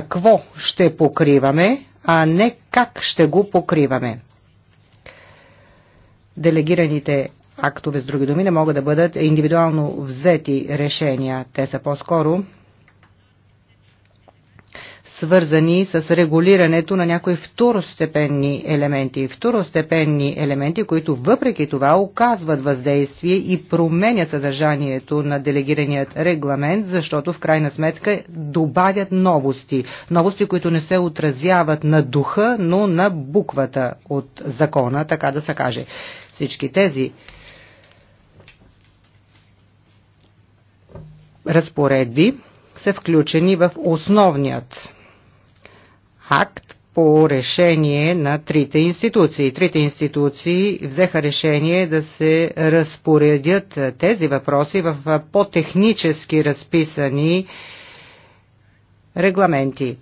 какво ще покриваме, а не как ще го покриваме. Делегираните актове, с други думи, не могат да бъдат индивидуално взети решения. Те са по-скоро свързани с регулирането на някои второстепенни елементи. Второстепенни елементи, които въпреки това оказват въздействие и променят съдържанието на делегираният регламент, защото в крайна сметка добавят новости. Новости, които не се отразяват на духа, но на буквата от закона, така да се каже. Всички тези разпоредби са включени в основният акт по решение на трите институции. Трите институции взеха решение да се разпоредят тези въпроси в по-технически разписани регламенти.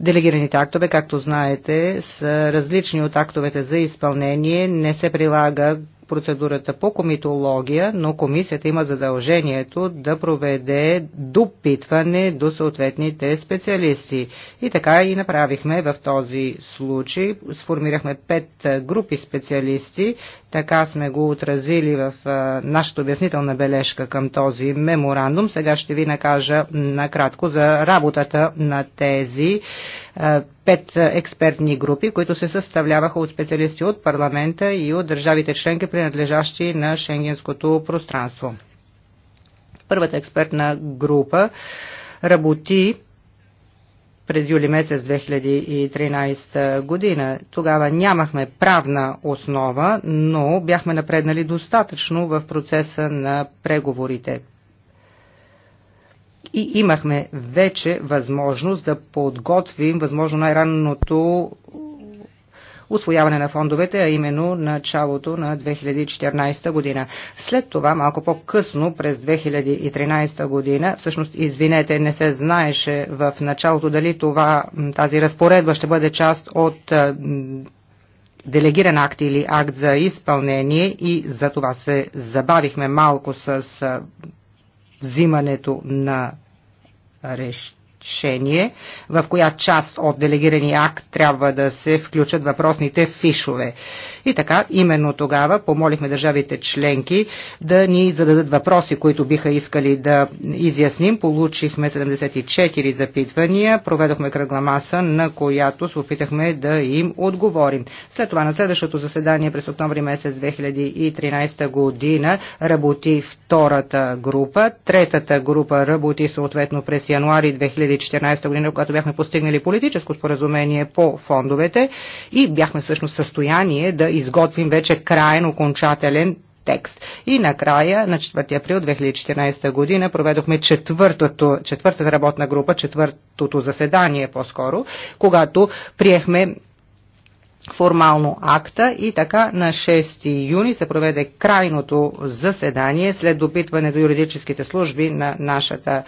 Делегираните актове, както знаете, са различни от актовете за изпълнение, не се прилага процедурата по комитология, но комисията има задължението да проведе допитване до съответните специалисти. И така и направихме в този случай. Сформирахме пет групи специалисти така сме го отразили в нашата обяснителна бележка към този меморандум. Сега ще ви накажа накратко за работата на тези пет експертни групи, които се съставляваха от специалисти от парламента и от държавите членки, принадлежащи на шенгенското пространство. Първата експертна група работи през юли месец 2013 година. Тогава нямахме правна основа, но бяхме напреднали достатъчно в процеса на преговорите. И имахме вече възможност да подготвим възможно най-ранното освояване на фондовете, а именно началото на 2014 година. След това, малко по-късно, през 2013 година, всъщност, извинете, не се знаеше в началото дали това, тази разпоредба ще бъде част от делегиран акт или акт за изпълнение и за това се забавихме малко с взимането на решение решение, в коя част от делегирания акт трябва да се включат въпросните фишове. И така, именно тогава помолихме държавите членки да ни зададат въпроси, които биха искали да изясним. Получихме 74 запитвания, проведохме кръгла маса, на която се опитахме да им отговорим. След това на следващото заседание през октомври месец 2013 година работи втората група, третата група работи съответно през януари 2014 година, когато бяхме постигнали политическо споразумение по фондовете и бяхме всъщност в състояние да изготвим вече крайен, окончателен текст. И накрая, на 4 април 2014 година, проведохме четвъртото, четвъртата работна група, четвъртото заседание по-скоро, когато приехме формално акта и така на 6 юни се проведе крайното заседание след допитване до юридическите служби на нашата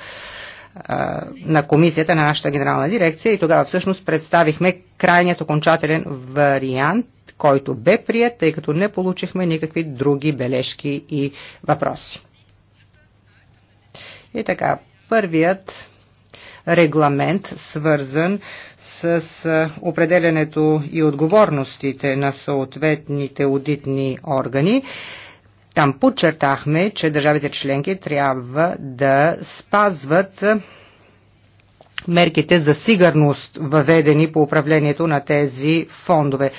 на комисията, на нашата генерална дирекция и тогава всъщност представихме крайният окончателен вариант, който бе прият, тъй като не получихме никакви други бележки и въпроси. И така, първият регламент, свързан с определенето и отговорностите на съответните аудитни органи, там подчертахме, че държавите членки трябва да спазват мерките за сигурност, въведени по управлението на тези фондове.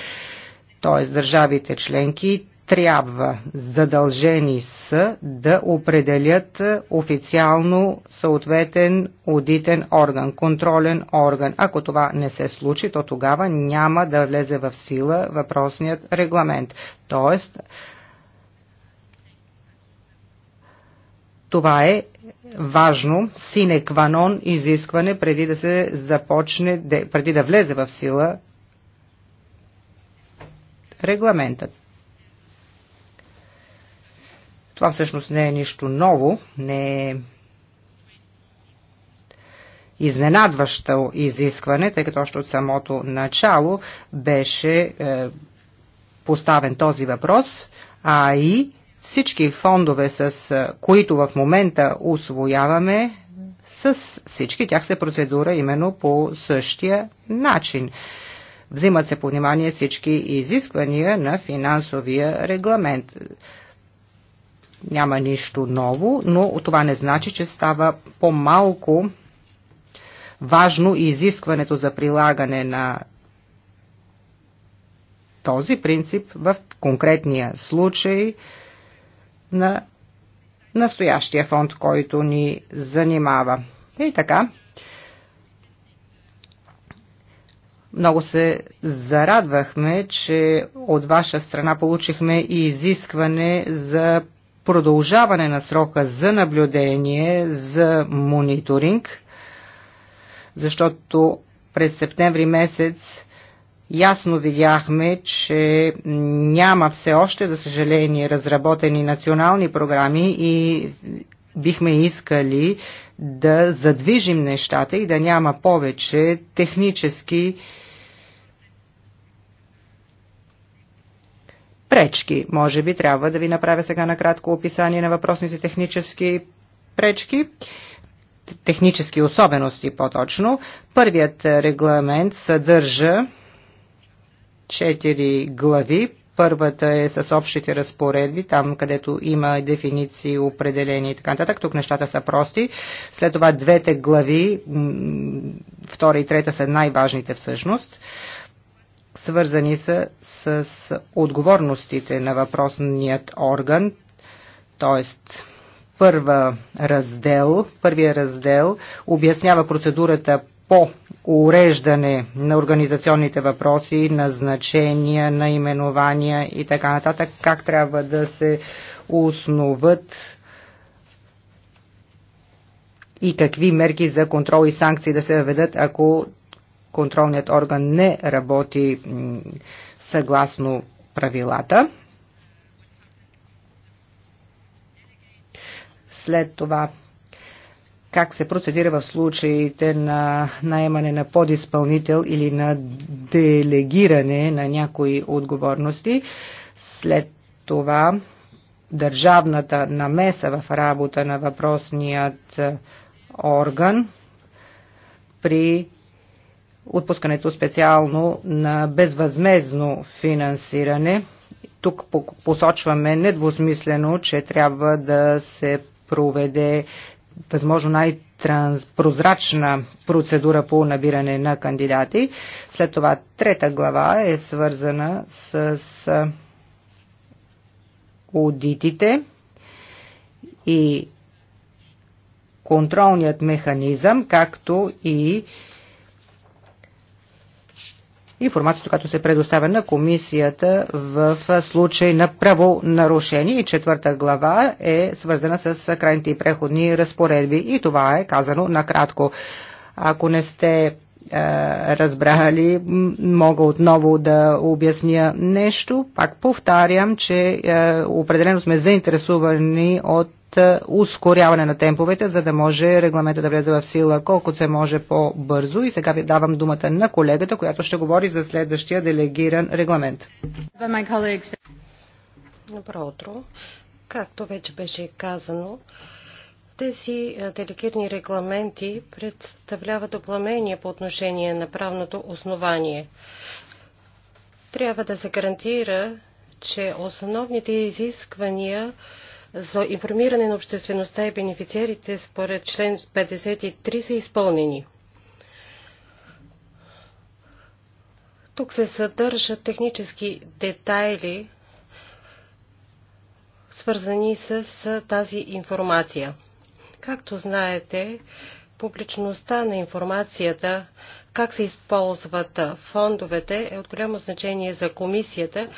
Тоест, държавите членки трябва, задължени са да определят официално съответен аудитен орган, контролен орган. Ако това не се случи, то тогава няма да влезе в сила въпросният регламент. Тоест, Това е важно сине кванон изискване преди да се започне, преди да влезе в сила регламентът. Това всъщност не е нищо ново, не е изненадващо изискване, тъй като още от самото начало беше е, поставен този въпрос, а и всички фондове, с които в момента освояваме, с всички тях се процедура именно по същия начин. Взимат се по внимание всички изисквания на финансовия регламент. Няма нищо ново, но това не значи, че става по-малко важно изискването за прилагане на този принцип в конкретния случай – на настоящия фонд, който ни занимава. И така, Много се зарадвахме, че от ваша страна получихме и изискване за продължаване на срока за наблюдение, за мониторинг, защото през септември месец ясно видяхме, че няма все още, за съжаление, разработени национални програми и бихме искали да задвижим нещата и да няма повече технически пречки. Може би трябва да ви направя сега накратко описание на въпросните технически пречки технически особености по-точно. Първият регламент съдържа четири глави. Първата е с общите разпоредби, там където има дефиниции, определения и така нататък. Тук нещата са прости. След това двете глави, втора и трета са най-важните всъщност свързани са с отговорностите на въпросният орган, т.е. първа раздел, първия раздел обяснява процедурата по уреждане на организационните въпроси, назначения, наименования и така нататък, как трябва да се основат и какви мерки за контрол и санкции да се въведат, ако контролният орган не работи съгласно правилата. След това как се процедира в случаите на наемане на подизпълнител или на делегиране на някои отговорности. След това държавната намеса в работа на въпросният е, орган при отпускането специално на безвъзмезно финансиране. Тук посочваме недвусмислено, че трябва да се проведе възможно най-прозрачна процедура по набиране на кандидати. След това трета глава е свързана с аудитите и контролният механизъм, както и информацията, която се предоставя на комисията в случай на правонарушение. И четвърта глава е свързана с крайните и преходни разпоредби. И това е казано накратко. Ако не сте е, разбрали, мога отново да обясня нещо. Пак повтарям, че е, определено сме заинтересувани от ускоряване на темповете, за да може регламента да влезе в сила колкото се може по-бързо. И сега ви давам думата на колегата, която ще говори за следващия делегиран регламент. Добро утро. Както вече беше казано, тези делегирани регламенти представляват допламение по отношение на правното основание. Трябва да се гарантира, че основните изисквания за информиране на обществеността и бенефициерите според член 53 са изпълнени. Тук се съдържат технически детайли, свързани с тази информация. Както знаете, публичността на информацията, как се използват фондовете, е от голямо значение за комисията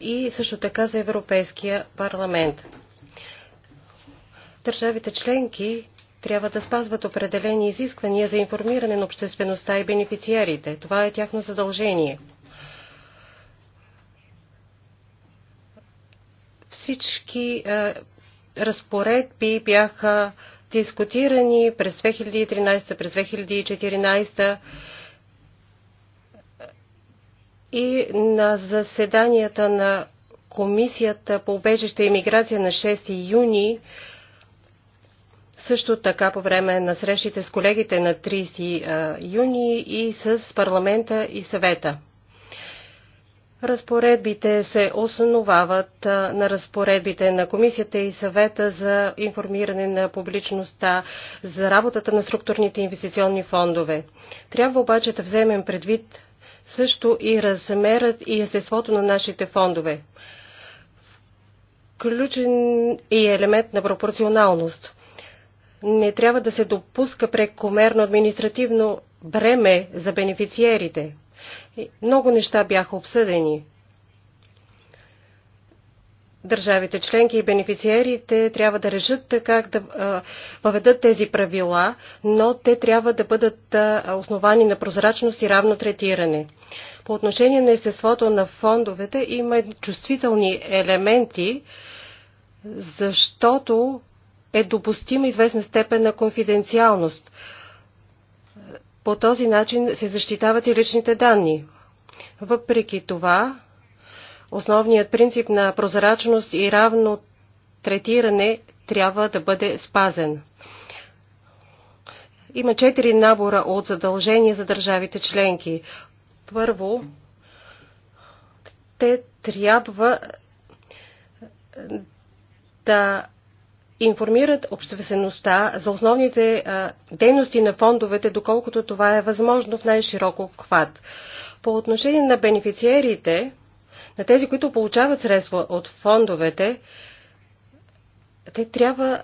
и също така за Европейския парламент. Държавите членки трябва да спазват определени изисквания за информиране на обществеността и бенефициарите. Това е тяхно задължение. Всички е, разпоредби бяха дискутирани през 2013, през 2014 и на заседанията на Комисията по убежище и миграция на 6 юни също така по време на срещите с колегите на 30 юни и с парламента и съвета. Разпоредбите се основават на разпоредбите на Комисията и съвета за информиране на публичността за работата на структурните инвестиционни фондове. Трябва обаче да вземем предвид също и размерът и естеството на нашите фондове. Ключен и елемент на пропорционалност – не трябва да се допуска прекомерно административно бреме за бенефициерите. Много неща бяха обсъдени. Държавите членки и бенефициерите трябва да решат как да въведат тези правила, но те трябва да бъдат основани на прозрачност и равно третиране. По отношение на естеството на фондовете има чувствителни елементи, защото е допустима известна степен на конфиденциалност. По този начин се защитават и личните данни. Въпреки това, основният принцип на прозрачност и равно третиране трябва да бъде спазен. Има четири набора от задължения за държавите членки. Първо, те трябва да информират обществеността за основните дейности на фондовете, доколкото това е възможно в най-широк обхват. По отношение на бенефициерите, на тези, които получават средства от фондовете, те трябва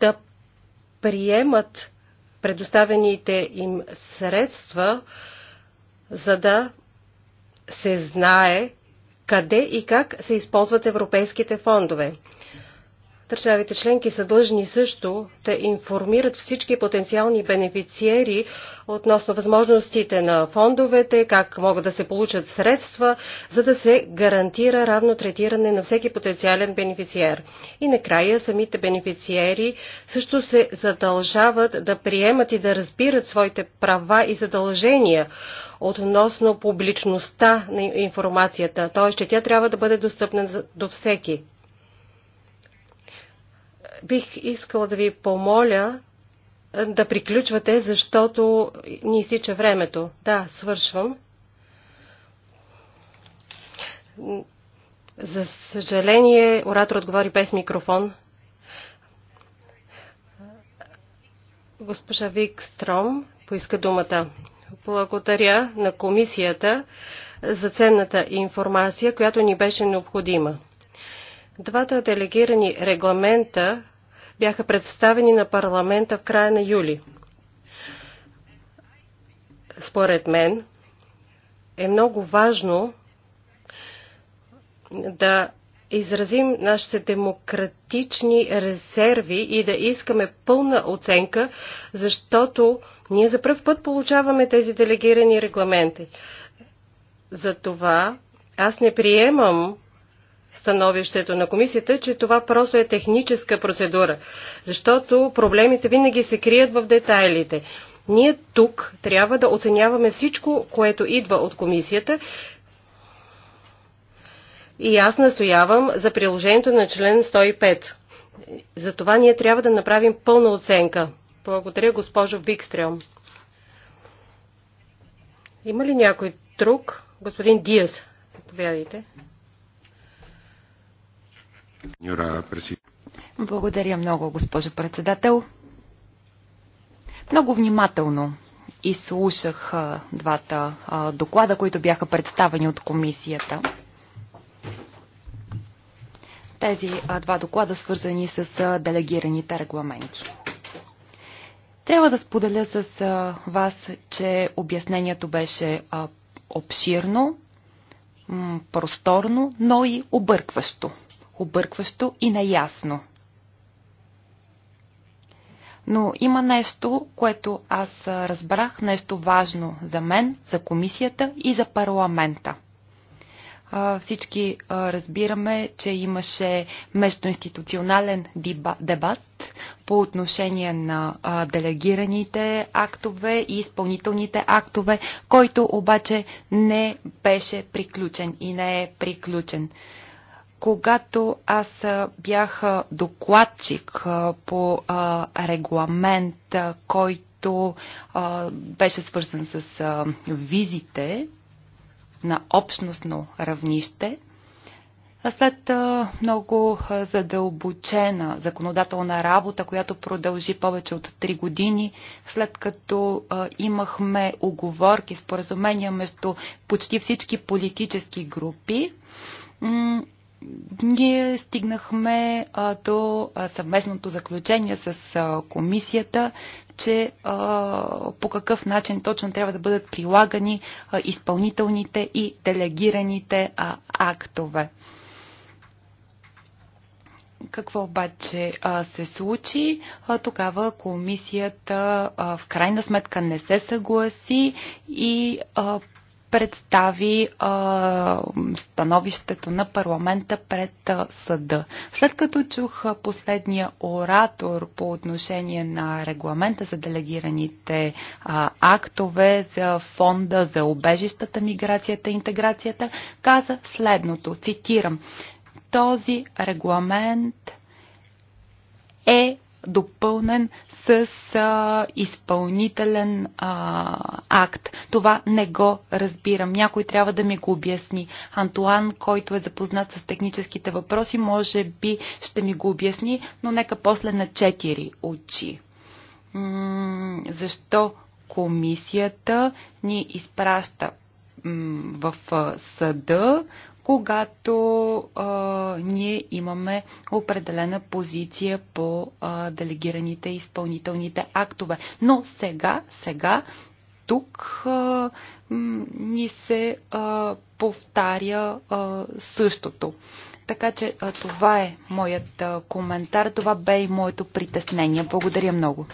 да приемат предоставените им средства, за да се знае къде и как се използват европейските фондове. Държавите членки са длъжни също да информират всички потенциални бенефициери относно възможностите на фондовете, как могат да се получат средства, за да се гарантира равно третиране на всеки потенциален бенефициер. И накрая самите бенефициери също се задължават да приемат и да разбират своите права и задължения относно публичността на информацията, т.е. че тя трябва да бъде достъпна до всеки бих искала да ви помоля е, да приключвате, защото ни изтича времето. Да, свършвам. За съжаление, ораторът говори без микрофон. Госпожа Викстром поиска думата. Благодаря на комисията за ценната информация, която ни беше необходима. Двата делегирани регламента бяха представени на парламента в края на юли. Според мен е много важно да изразим нашите демократични резерви и да искаме пълна оценка, защото ние за първ път получаваме тези делегирани регламенти. Затова аз не приемам становището на комисията, че това просто е техническа процедура, защото проблемите винаги се крият в детайлите. Ние тук трябва да оценяваме всичко, което идва от комисията и аз настоявам за приложението на член 105. За това ние трябва да направим пълна оценка. Благодаря, госпожо Викстрем. Има ли някой друг? Господин Диас, заповядайте. Благодаря много, госпожо председател. Много внимателно изслушах двата доклада, които бяха представени от комисията. Тези два доклада свързани с делегираните регламенти. Трябва да споделя с вас, че обяснението беше обширно, просторно, но и объркващо объркващо и неясно. Но има нещо, което аз разбрах, нещо важно за мен, за комисията и за парламента. Всички разбираме, че имаше междуинституционален дебат по отношение на делегираните актове и изпълнителните актове, който обаче не беше приключен и не е приключен. Когато аз бях докладчик по регламент, който беше свързан с визите на общностно равнище, след много задълбочена законодателна работа, която продължи повече от 3 години, след като имахме оговорки, споразумения между почти всички политически групи, ние стигнахме а, до а, съвместното заключение с а, комисията, че а, по какъв начин точно трябва да бъдат прилагани а, изпълнителните и делегираните а, актове. Какво обаче а, се случи? А, тогава комисията а, в крайна сметка не се съгласи и а, представи а, становището на парламента пред а, съда. След като чух последния оратор по отношение на регламента за делегираните а, актове за фонда за обежищата, миграцията и интеграцията, каза следното, цитирам, този регламент е допълнен с а, изпълнителен а, акт. Това не го разбирам. Някой трябва да ми го обясни. Антуан, който е запознат с техническите въпроси, може би ще ми го обясни, но нека после на четири очи. защо комисията ни изпраща в съда когато а, ние имаме определена позиция по а, делегираните изпълнителните актове. Но сега, сега, тук а, ни се а, повтаря а, същото. Така че а, това е моят а, коментар, това бе и моето притеснение. Благодаря много.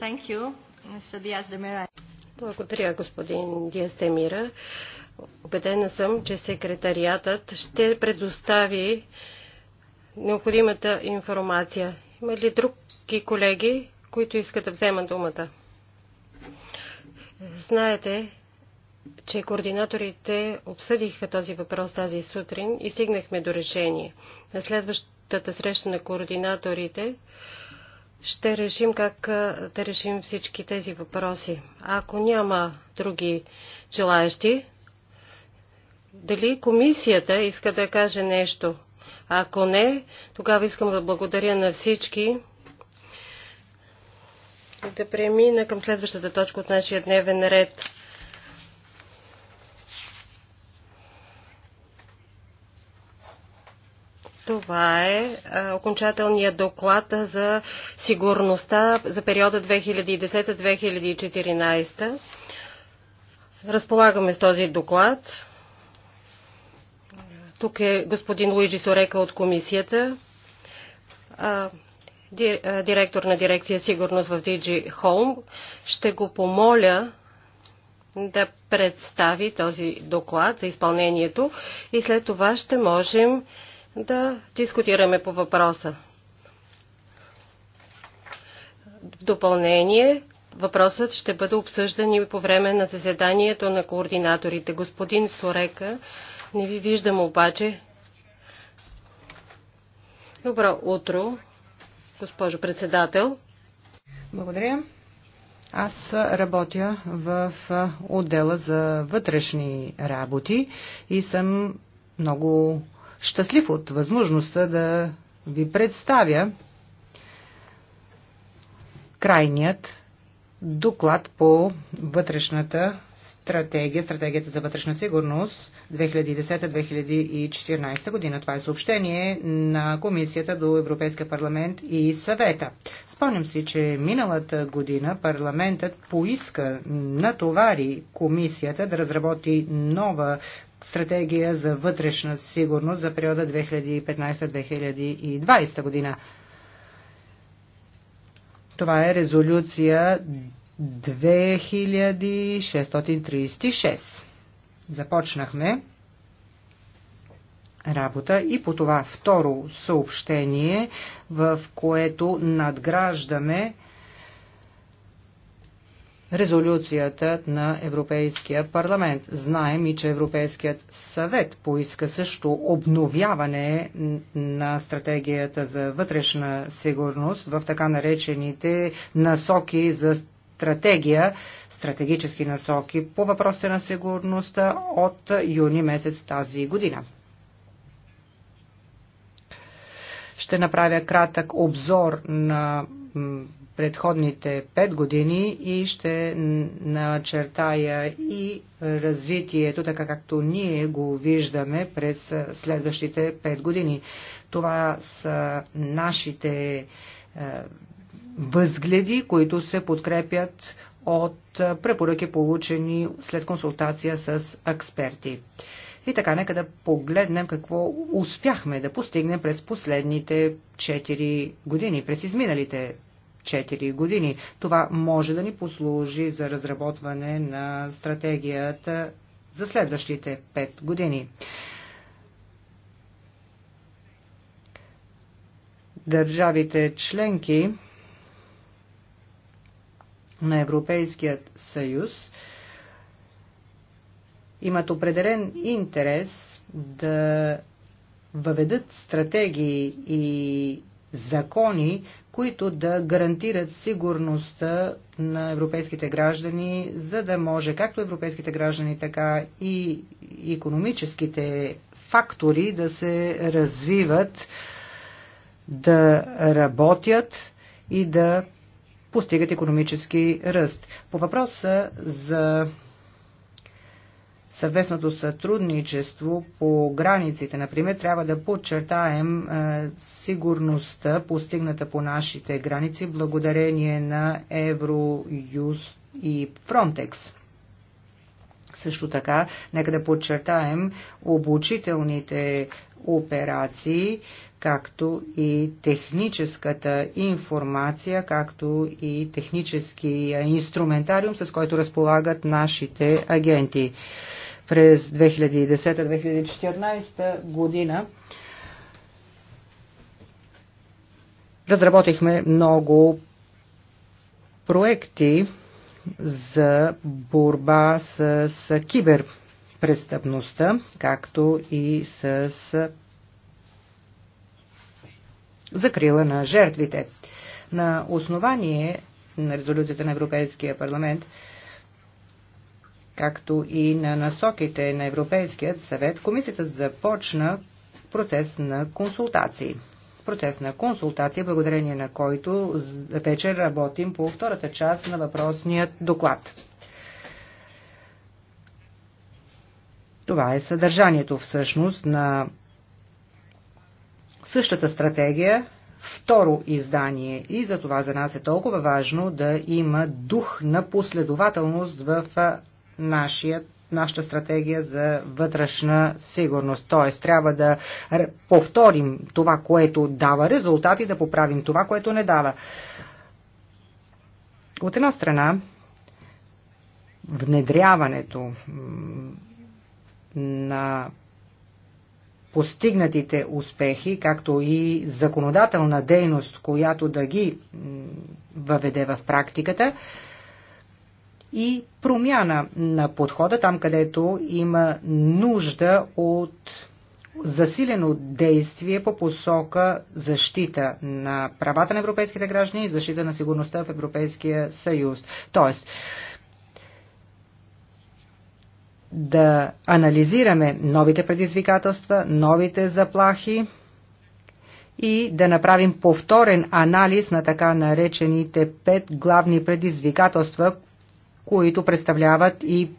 Thank you, Mr. Благодаря, господин Диас Демира. Обедена съм, че секретариатът ще предостави необходимата информация. Има ли други колеги, които искат да вземат думата? Знаете, че координаторите обсъдиха този въпрос тази сутрин и стигнахме до решение. На следващата среща на координаторите ще решим как да решим всички тези въпроси. Ако няма други желаящи, дали комисията иска да каже нещо? Ако не, тогава искам да благодаря на всички. и Да премина към следващата точка от нашия дневен ред. Това е окончателният доклад за сигурността за периода 2010-2014. Разполагаме с този доклад. Тук е господин Луиджи Сорека от комисията, директор на дирекция сигурност в Диджи Home. Ще го помоля да представи този доклад за изпълнението и след това ще можем да дискутираме по въпроса. В допълнение, въпросът ще бъде обсъждан и по време на заседанието на координаторите. Господин Сорека не ви виждам обаче. Добро утро, госпожо председател. Благодаря. Аз работя в отдела за вътрешни работи и съм много щастлив от възможността да ви представя крайният доклад по вътрешната стратегия, стратегията за вътрешна сигурност 2010-2014 година. Това е съобщение на Комисията до Европейския парламент и съвета. Спомням си, че миналата година парламентът поиска натовари Комисията да разработи нова стратегия за вътрешна сигурност за периода 2015-2020 година. Това е резолюция 2636. Започнахме работа и по това второ съобщение, в което надграждаме резолюцията на Европейския парламент. Знаем и, че Европейският съвет поиска също обновяване на стратегията за вътрешна сигурност в така наречените насоки за стратегия, стратегически насоки по въпросите на сигурността от юни месец тази година. Ще направя кратък обзор на предходните 5 години и ще начертая и развитието, така както ние го виждаме през следващите 5 години. Това са нашите е, възгледи, които се подкрепят от препоръки получени след консултация с експерти. И така, нека да погледнем какво успяхме да постигнем през последните 4 години, през изминалите 4 години. Това може да ни послужи за разработване на стратегията за следващите 5 години. Държавите членки на Европейският съюз имат определен интерес да въведат стратегии и закони, които да гарантират сигурността на европейските граждани, за да може както европейските граждани, така и економическите фактори да се развиват, да работят и да постигат економически ръст. По въпроса за съвместното сътрудничество по границите, например, трябва да подчертаем е, сигурността, постигната по нашите граници, благодарение на Евроюст и Фронтекс. Също така, нека да подчертаем обучителните операции, както и техническата информация, както и техническия инструментариум, с който разполагат нашите агенти. През 2010-2014 година разработихме много проекти, за борба с киберпрестъпността, както и с закрила на жертвите. На основание на резолюцията на Европейския парламент, както и на насоките на Европейският съвет, комисията започна процес на консултации процес на консултация, благодарение на който вечер работим по втората част на въпросният доклад. Това е съдържанието всъщност на същата стратегия, второ издание и за това за нас е толкова важно да има дух на последователност в нашият нашата стратегия за вътрешна сигурност. Т.е. трябва да повторим това, което дава резултати, да поправим това, което не дава. От една страна, внедряването на постигнатите успехи, както и законодателна дейност, която да ги въведе в практиката, и промяна на подхода там, където има нужда от засилено действие по посока защита на правата на европейските граждани и защита на сигурността в Европейския съюз. Тоест, да анализираме новите предизвикателства, новите заплахи и да направим повторен анализ на така наречените пет главни предизвикателства, които представляват и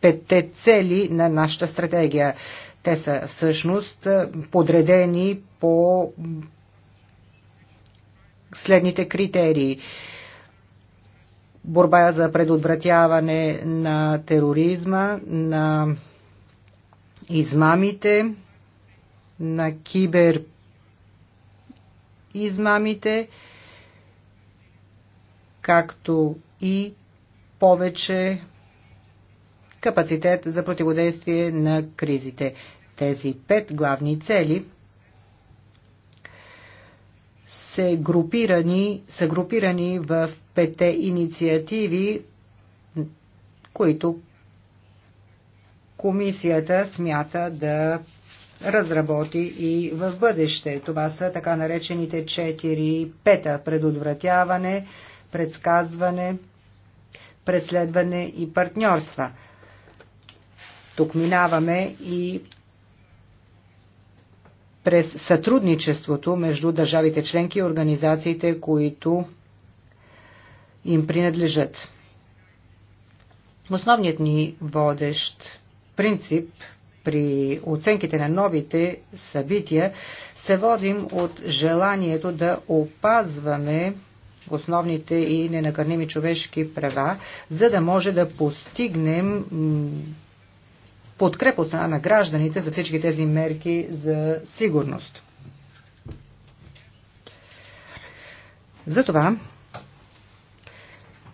петте цели на нашата стратегия. Те са всъщност е, подредени по следните критерии. Борба за предотвратяване на тероризма, на измамите, на кибер измамите, както и повече капацитет за противодействие на кризите. Тези пет главни цели се групирани, са групирани в пете инициативи, които комисията смята да разработи и в бъдеще. Това са така наречените 4 пета предотвратяване, предсказване, преследване и партньорства. Тук минаваме и през сътрудничеството между държавите членки и организациите, които им принадлежат. Основният ни водещ принцип при оценките на новите събития се водим от желанието да опазваме основните и ненакърними човешки права, за да може да постигнем подкреп от страна на гражданите за всички тези мерки за сигурност. Затова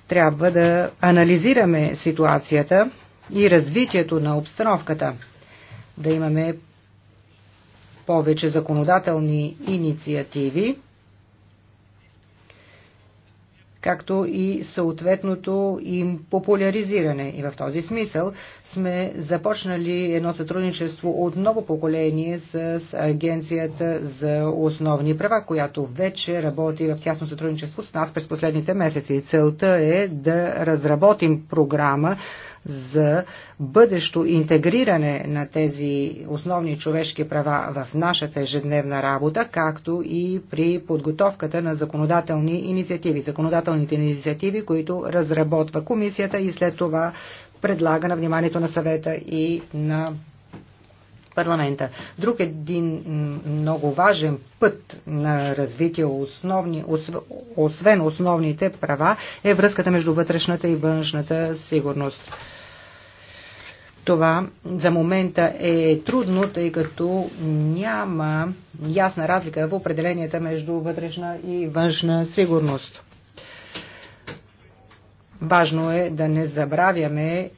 трябва да анализираме ситуацията и развитието на обстановката, да имаме повече законодателни инициативи, както и съответното им популяризиране. И в този смисъл сме започнали едно сътрудничество от ново поколение с Агенцията за основни права, която вече работи в тясно сътрудничество с нас през последните месеци. Целта е да разработим програма, за бъдещо интегриране на тези основни човешки права в нашата ежедневна работа, както и при подготовката на законодателни инициативи. Законодателните инициативи, които разработва комисията и след това предлага на вниманието на съвета и на парламента. Друг един много важен път на развитие, основни, освен основните права, е връзката между вътрешната и външната сигурност. Това за момента е трудно, тъй като няма ясна разлика в определенията между вътрешна и външна сигурност. Важно е да не забравяме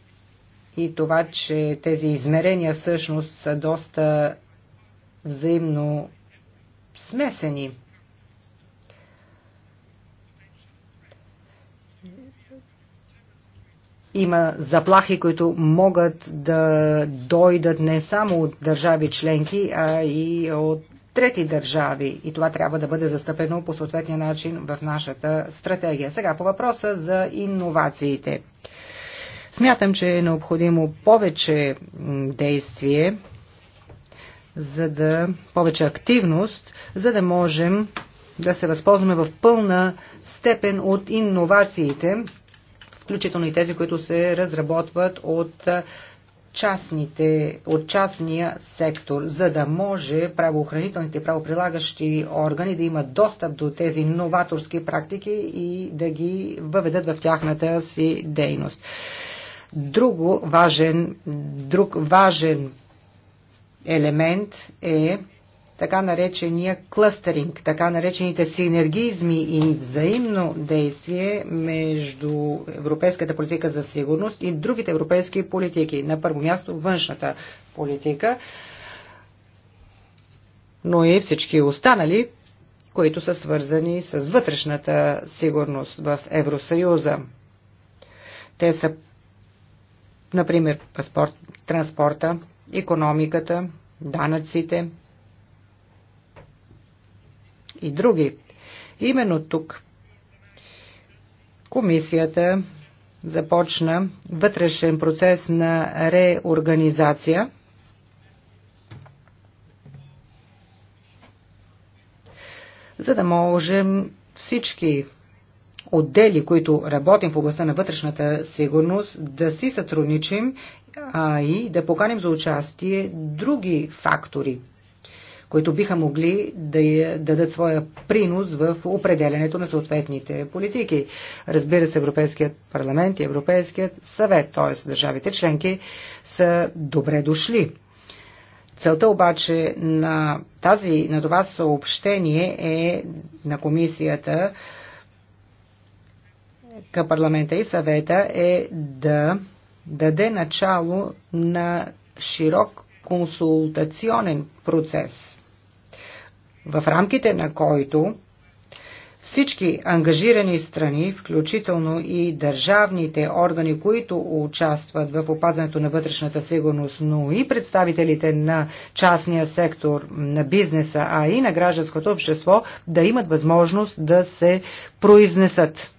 и това, че тези измерения всъщност са доста взаимно смесени. има заплахи, които могат да дойдат не само от държави членки, а и от трети държави. И това трябва да бъде застъпено по съответния начин в нашата стратегия. Сега по въпроса за иновациите. Смятам, че е необходимо повече действие, за да, повече активност, за да можем да се възползваме в пълна степен от иновациите, включително и тези, които се разработват от частните, от частния сектор, за да може правоохранителните и правоприлагащи органи да имат достъп до тези новаторски практики и да ги въведат в тяхната си дейност. Друго важен, друг важен елемент е така наречения клъстеринг, така наречените синергизми и взаимно действие между европейската политика за сигурност и другите европейски политики. На първо място външната политика, но и всички останали, които са свързани с вътрешната сигурност в Евросъюза. Те са, например, паспорт, транспорта, економиката, данъците, и други. Именно тук комисията започна вътрешен процес на реорганизация. за да можем всички отдели, които работим в областта на вътрешната сигурност, да си сътрудничим а и да поканим за участие други фактори които биха могли да дадат своя принос в определенето на съответните политики. Разбира се, Европейският парламент и Европейският съвет, т.е. държавите членки, са добре дошли. Целта обаче на, тази, на това съобщение е на комисията към парламента и съвета е да даде начало на широк консултационен процес в рамките на който всички ангажирани страни, включително и държавните органи, които участват в опазването на вътрешната сигурност, но и представителите на частния сектор, на бизнеса, а и на гражданското общество, да имат възможност да се произнесат.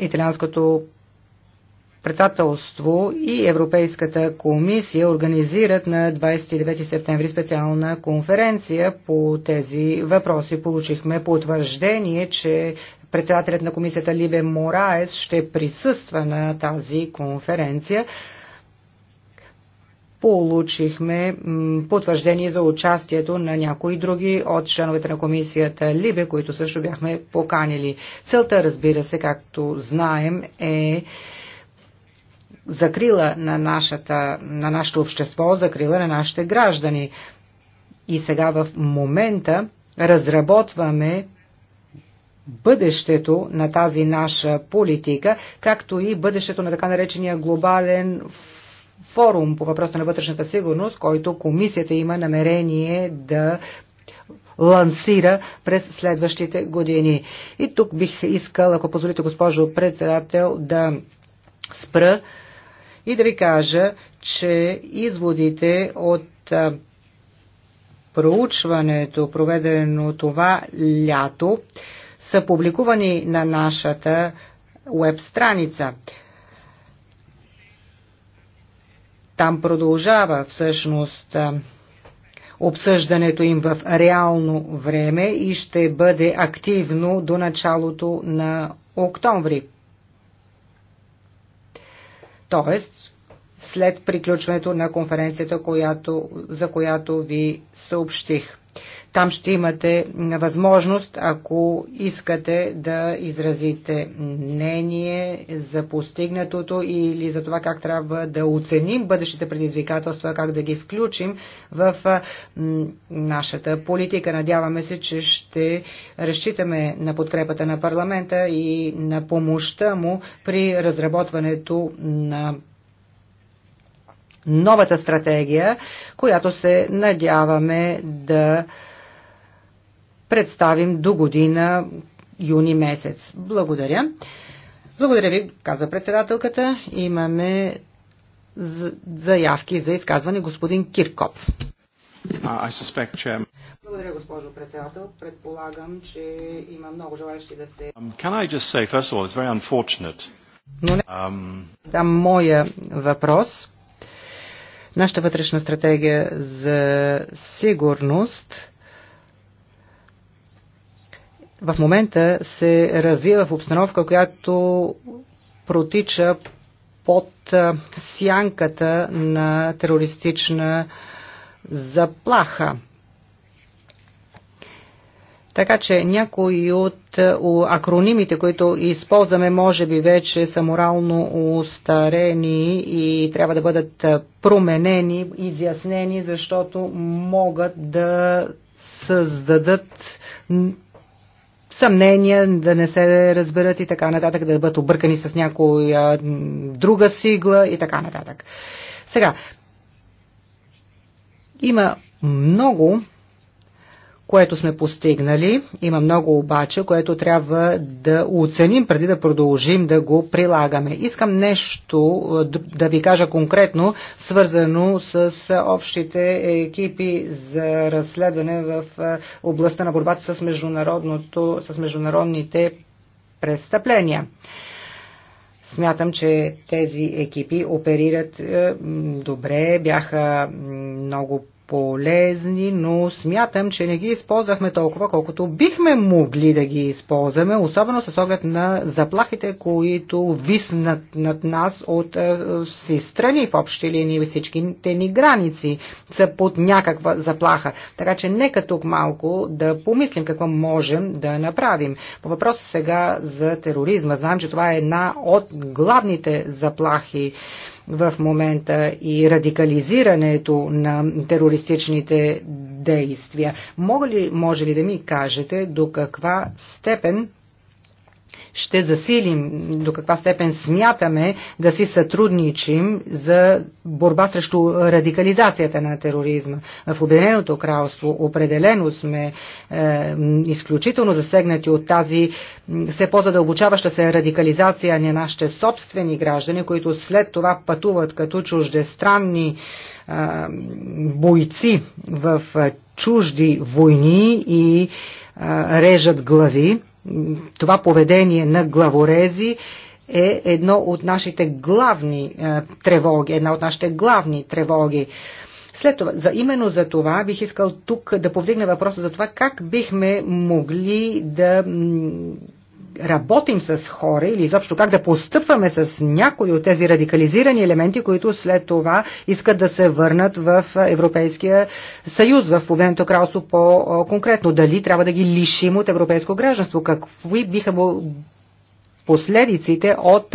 Италианското председателство и Европейската комисия организират на 29 септември специална конференция по тези въпроси. Получихме потвърждение, че председателят на комисията Либе Мораес ще присъства на тази конференция получихме потвърждение за участието на някои други от членовете на комисията Либе, които също бяхме поканили. Целта, разбира се, както знаем, е закрила на, нашата, на нашето общество, закрила на нашите граждани. И сега в момента разработваме бъдещето на тази наша политика, както и бъдещето на така наречения глобален форум по въпроса на вътрешната сигурност, който комисията има намерение да лансира през следващите години. И тук бих искал, ако позволите, госпожо председател, да спра и да ви кажа, че изводите от проучването, проведено това лято, са публикувани на нашата веб страница. Там продължава всъщност обсъждането им в реално време и ще бъде активно до началото на октомври т.е. след приключването на конференцията, която, за която ви съобщих. Там ще имате възможност, ако искате да изразите мнение за постигнатото или за това как трябва да оценим бъдещите предизвикателства, как да ги включим в нашата политика. Надяваме се, че ще разчитаме на подкрепата на парламента и на помощта му при разработването на новата стратегия, която се надяваме да представим до година юни месец. Благодаря. Благодаря ви, каза председателката. Имаме заявки за изказване господин Киркоп. Uh, suspect, um, Благодаря, госпожо председател. Предполагам, че има много желащи да се... Um, say, all, Но не... Um... Да, моя въпрос. Нашата вътрешна стратегия за сигурност в момента се развива в обстановка, която протича под сянката на терористична заплаха. Така че някои от акронимите, които използваме, може би вече са морално устарени и трябва да бъдат променени, изяснени, защото могат да създадат съмнения, да не се разберат и така нататък, да бъдат объркани с някоя друга сигла и така нататък. Сега, има много което сме постигнали. Има много обаче, което трябва да оценим преди да продължим да го прилагаме. Искам нещо да ви кажа конкретно, свързано с общите екипи за разследване в областта на борбата с, международното, с международните престъпления. Смятам, че тези екипи оперират добре, бяха много полезни, но смятам, че не ги използвахме толкова, колкото бихме могли да ги използваме, особено с оглед на заплахите, които виснат над нас от е, си страни в общи линии. Всичките ни граници са под някаква заплаха. Така че нека тук малко да помислим какво можем да направим. По въпроса сега за тероризма. Знам, че това е една от главните заплахи в момента и радикализирането на терористичните действия. Мога ли, може ли да ми кажете до каква степен ще засилим, до каква степен смятаме да си сътрудничим за борба срещу радикализацията на тероризма. В Обединеното кралство определено сме е, изключително засегнати от тази все по-задълбочаваща се радикализация на нашите собствени граждани, които след това пътуват като чуждестранни е, бойци в е, чужди войни и е, режат глави това поведение на главорези е едно от нашите главни е, тревоги, една от нашите главни тревоги. След това, за, именно за това бих искал тук да повдигна въпроса за това как бихме могли да работим с хора или изобщо как да постъпваме с някои от тези радикализирани елементи, които след това искат да се върнат в Европейския съюз, в Обединеното кралство по-конкретно. Дали трябва да ги лишим от европейско гражданство? Какви биха му последиците от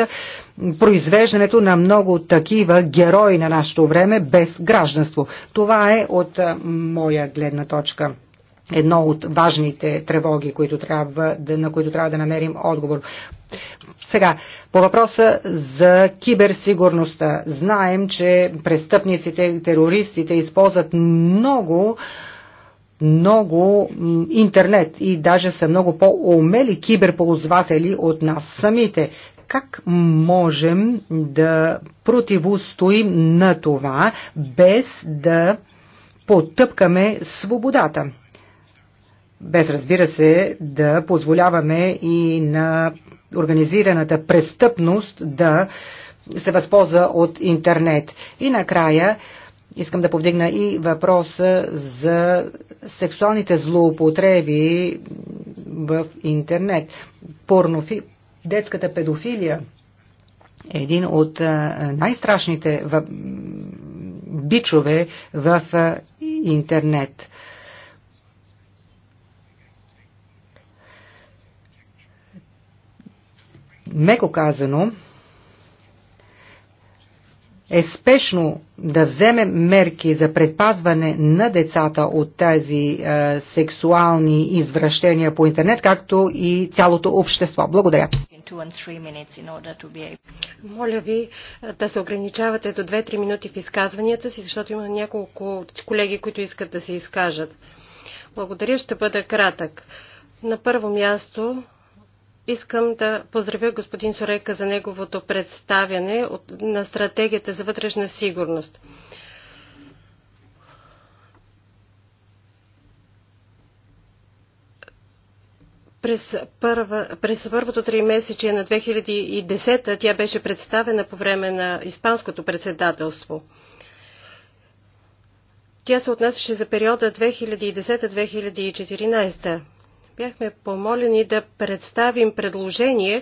произвеждането на много такива герои на нашето време без гражданство. Това е от моя гледна точка едно от важните тревоги, които трябва на които трябва да намерим отговор. Сега, по въпроса за киберсигурността. Знаем, че престъпниците, терористите използват много много интернет и даже са много по-умели киберползватели от нас самите. Как можем да противостоим на това, без да потъпкаме свободата? без разбира се да позволяваме и на организираната престъпност да се възползва от интернет. И накрая искам да повдигна и въпроса за сексуалните злоупотреби в интернет. Порнофи... Детската педофилия е един от най-страшните бичове в интернет. меко казано, е спешно да вземе мерки за предпазване на децата от тези е, сексуални извращения по интернет, както и цялото общество. Благодаря. Моля ви е, да се ограничавате до 2-3 минути в изказванията си, защото има няколко колеги, които искат да се изкажат. Благодаря, ще бъда кратък. На първо място Искам да поздравя господин Сорека за неговото представяне на стратегията за вътрешна сигурност. През, първа, през първото три месече на 2010 тя беше представена по време на Испанското председателство. Тя се отнасяше за периода 2010-2014 бяхме помолени да представим предложение,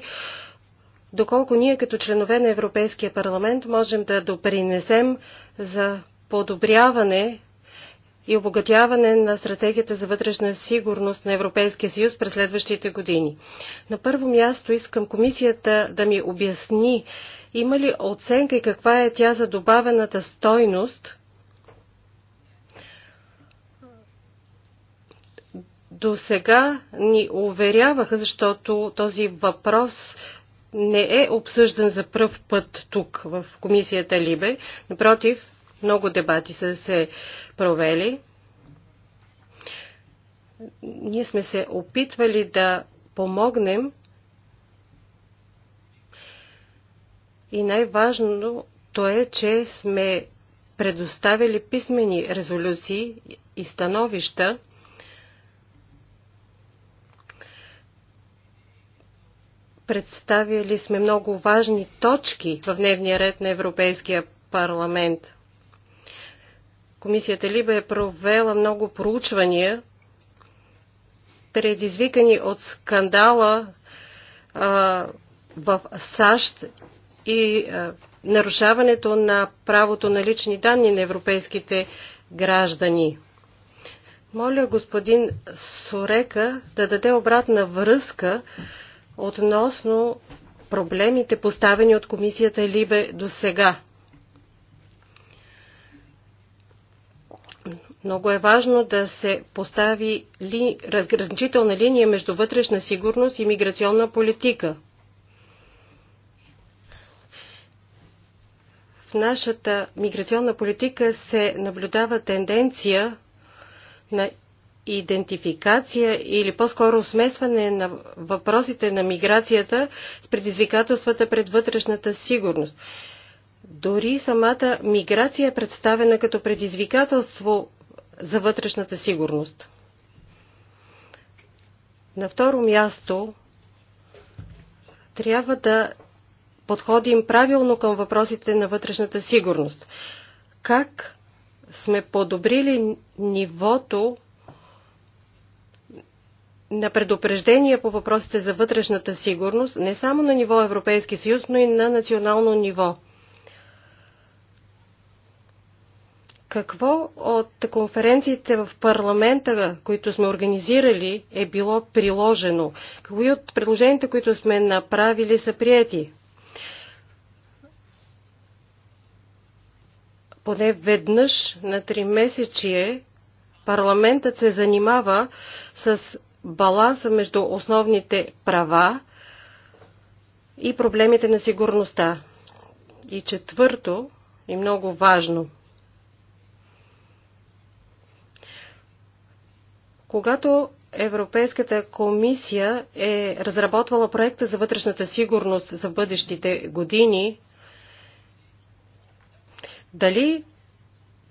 доколко ние като членове на Европейския парламент можем да допринесем за подобряване и обогатяване на стратегията за вътрешна сигурност на Европейския съюз през следващите години. На първо място искам комисията да ми обясни има ли оценка и каква е тя за добавената стойност до сега ни уверяваха, защото този въпрос не е обсъждан за пръв път тук в комисията Либе. Напротив, много дебати са се провели. Ние сме се опитвали да помогнем и най-важното е, че сме предоставили писмени резолюции и становища Представили сме много важни точки в дневния ред на Европейския парламент. Комисията Либе е провела много проучвания, предизвикани от скандала а, в САЩ и а, нарушаването на правото на лични данни на европейските граждани. Моля господин Сорека да даде обратна връзка относно проблемите поставени от комисията Либе до сега. Много е важно да се постави ли, разграничителна линия между вътрешна сигурност и миграционна политика. В нашата миграционна политика се наблюдава тенденция на идентификация или по-скоро смесване на въпросите на миграцията с предизвикателствата пред вътрешната сигурност. Дори самата миграция е представена като предизвикателство за вътрешната сигурност. На второ място трябва да подходим правилно към въпросите на вътрешната сигурност. Как сме подобрили нивото на предупреждения по въпросите за вътрешната сигурност, не само на ниво Европейски съюз, но и на национално ниво. Какво от конференциите в парламента, които сме организирали, е било приложено? Какви от предложенията, които сме направили, са прияти? Поне веднъж на три месечие парламентът се занимава с баланса между основните права и проблемите на сигурността. И четвърто, и много важно, когато Европейската комисия е разработвала проекта за вътрешната сигурност за бъдещите години, дали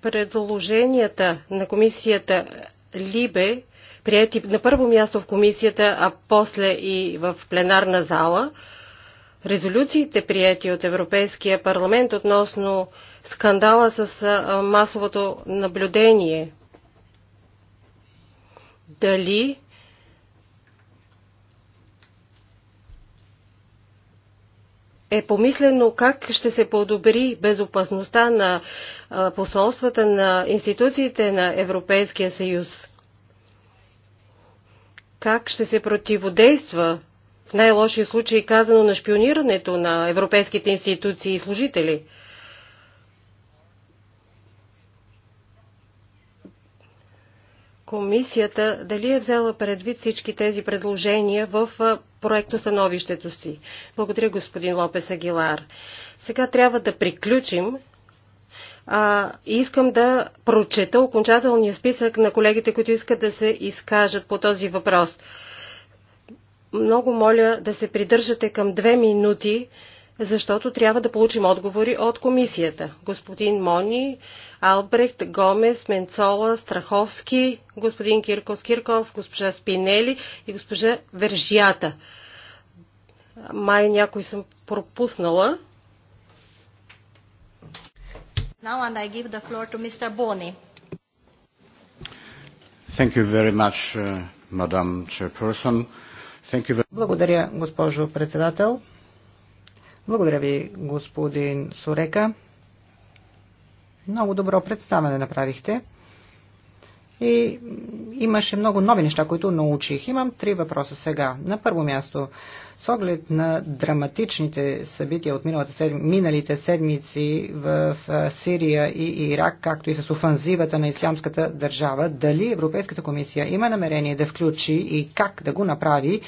предложенията на комисията Либе прияти на първо място в комисията, а после и в пленарна зала. Резолюциите, прияти от Европейския парламент относно скандала с масовото наблюдение. Дали е помислено как ще се подобри безопасността на посолствата на институциите на Европейския съюз как ще се противодейства в най-лошия случай казано на шпионирането на европейските институции и служители. Комисията дали е взела предвид всички тези предложения в проекто становището си? Благодаря, господин Лопес Агилар. Сега трябва да приключим, а, искам да прочета окончателния списък на колегите, които искат да се изкажат по този въпрос. Много моля да се придържате към две минути, защото трябва да получим отговори от комисията. Господин Мони, Албрехт, Гомес, Менцола, Страховски, господин Киркос Кирков, госпожа Спинели и госпожа Вержията. Май някой съм пропуснала. Now, and I give the floor to Mr. Boni. Thank you very much, uh, Madam Chairperson. Thank you very... Благодаря, госпожо председател. Благодаря ви, господин Сурека. Много добро представяне направихте. И имаше много нови неща, които научих. Имам три въпроса сега. На първо място, с оглед на драматичните събития от седми, миналите седмици в Сирия и Ирак, както и с офанзивата на ислямската държава, дали Европейската комисия има намерение да включи и как да го направи,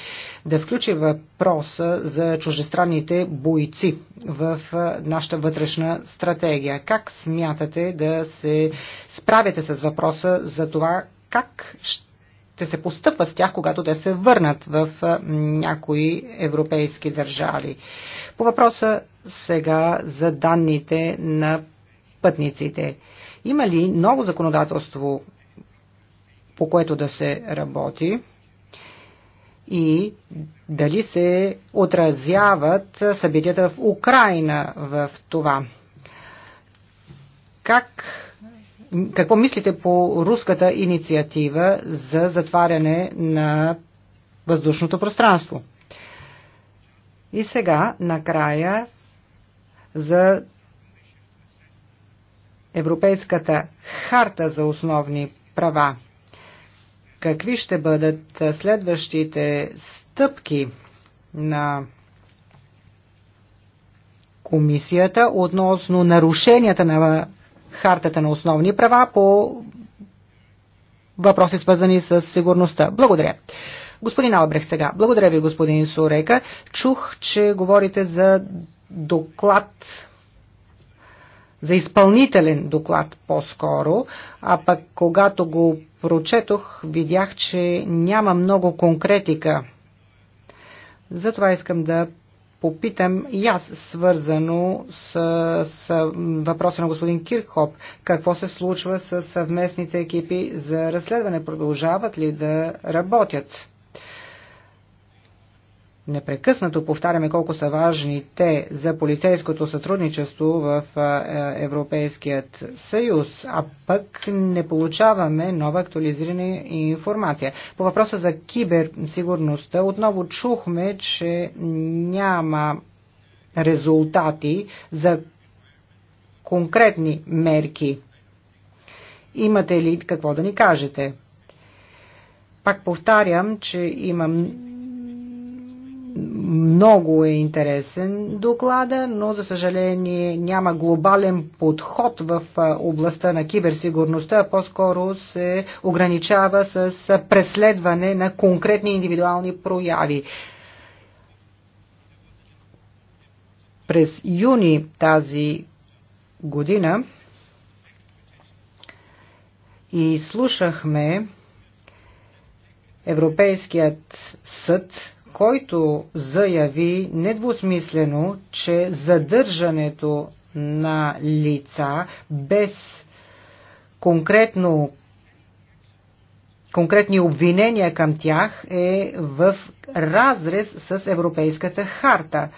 да включи въпроса за чужестранните бойци в нашата вътрешна стратегия. Как смятате да се справяте с въпроса за това как ще ще се постъпва с тях, когато те се върнат в някои европейски държави. По въпроса сега за данните на пътниците. Има ли ново законодателство, по което да се работи? и дали се отразяват събитията в Украина в това. Как какво мислите по руската инициатива за затваряне на въздушното пространство? И сега, накрая, за Европейската харта за основни права. Какви ще бъдат следващите стъпки на комисията относно нарушенията на хартата на основни права по въпроси свързани с сигурността. Благодаря. Господин Албрех сега. Благодаря ви, господин Сурека. Чух, че говорите за доклад за изпълнителен доклад по-скоро, а пък когато го прочетох, видях, че няма много конкретика. Затова искам да попитам и аз, свързано с, с въпроса на господин Кирхоп, какво се случва с съвместните екипи за разследване? Продължават ли да работят? непрекъснато повтаряме колко са важни те за полицейското сътрудничество в е, Европейският съюз, а пък не получаваме нова актуализирана информация. По въпроса за киберсигурността отново чухме, че няма резултати за конкретни мерки. Имате ли какво да ни кажете? Пак повтарям, че имам много е интересен доклада, но за съжаление няма глобален подход в областта на киберсигурността, а по-скоро се ограничава с преследване на конкретни индивидуални прояви. През юни тази година и слушахме Европейският съд който заяви недвусмислено, че задържането на лица без конкретно конкретни обвинения към тях е в разрез с Европейската харта.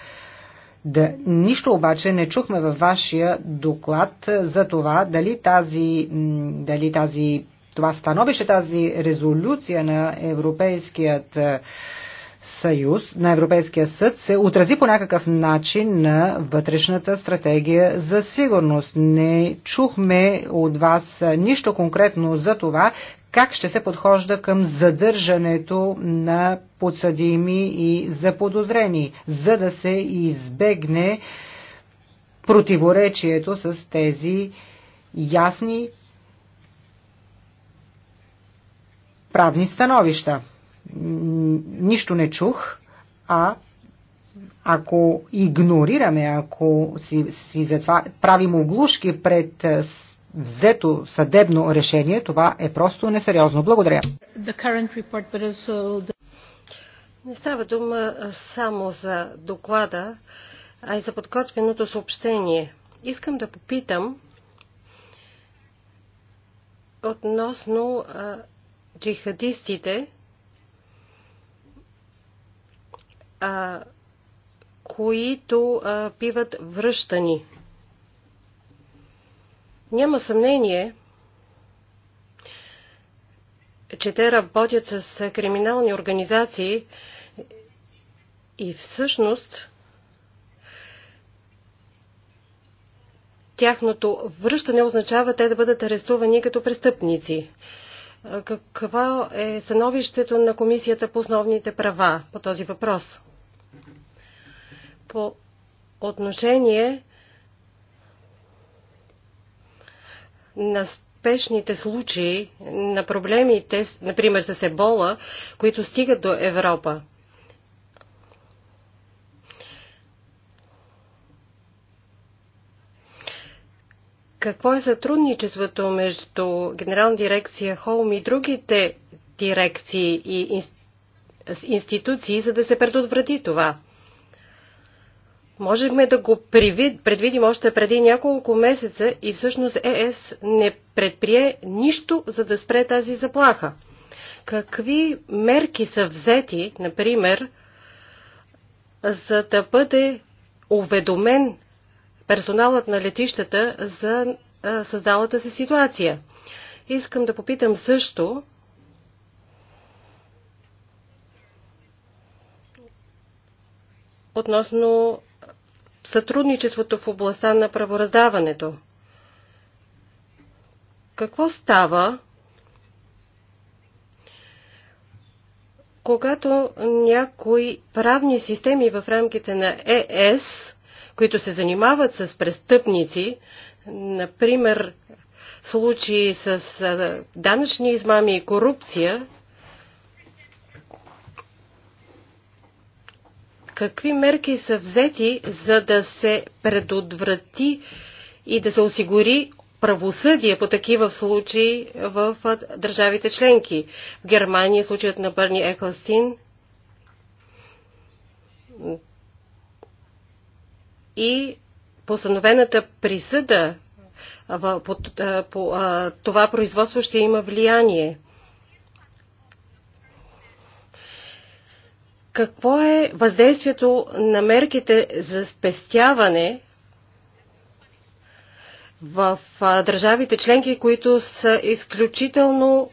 Да, нищо обаче не чухме във вашия доклад за това дали тази, дали тази това становище, тази резолюция на Европейският съюз, на Европейския съд, се отрази по някакъв начин на вътрешната стратегия за сигурност. Не чухме от вас нищо конкретно за това, как ще се подхожда към задържането на подсъдими и заподозрени, за да се избегне противоречието с тези ясни правни становища нищо не чух, а ако игнорираме, ако си, си затова правим оглушки пред взето съдебно решение, това е просто несериозно. Благодаря. Не става дума само за доклада, а и за подготвеното съобщение. Искам да попитам относно а, джихадистите, а, които а, биват връщани. Няма съмнение, че те работят с криминални организации и всъщност тяхното връщане означава те да бъдат арестувани като престъпници. Какво е становището на Комисията по основните права по този въпрос? по отношение на спешните случаи, на проблемите, например с ебола, които стигат до Европа. Какво е сътрудничеството между Генерална дирекция Холм и другите дирекции и институции, за да се предотврати това? Можехме да го предвидим още преди няколко месеца и всъщност ЕС не предприе нищо, за да спре тази заплаха. Какви мерки са взети, например, за да бъде уведомен персоналът на летищата за създалата се ситуация? Искам да попитам също относно сътрудничеството в областта на правораздаването. Какво става, когато някои правни системи в рамките на ЕС, които се занимават с престъпници, например случаи с данъчни измами и корупция, Какви мерки са взети, за да се предотврати и да се осигури правосъдие по такива случаи в държавите членки? В Германия случаят на Бърни Екластин и постановената присъда по, по това производство ще има влияние. какво е въздействието на мерките за спестяване в държавите членки, които са изключително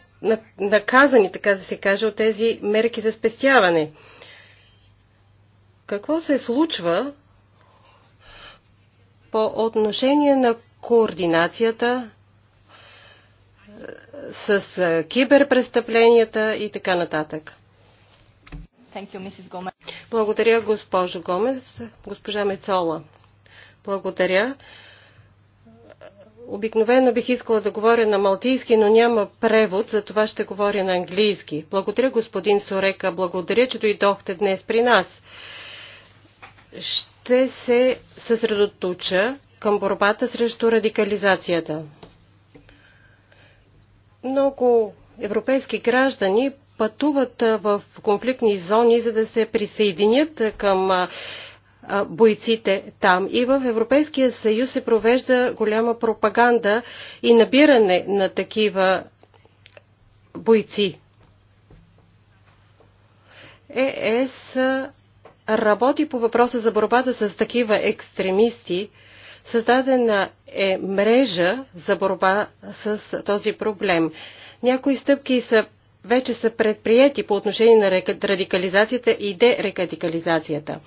наказани, така да се каже, от тези мерки за спестяване. Какво се случва по отношение на координацията с киберпрестъпленията и така нататък? You, Благодаря, госпожо Гомес. Госпожа Мецола. Благодаря. Обикновено бих искала да говоря на малтийски, но няма превод, за това ще говоря на английски. Благодаря, господин Сорека. Благодаря, че дойдохте днес при нас. Ще се съсредоточа към борбата срещу радикализацията. Много европейски граждани пътуват в конфликтни зони, за да се присъединят към бойците там. И в Европейския съюз се провежда голяма пропаганда и набиране на такива бойци. ЕС е работи по въпроса за борбата с такива екстремисти. Създадена е мрежа за борба с този проблем. Някои стъпки са вече са предприяти по отношение на радикализацията и дерадикализацията.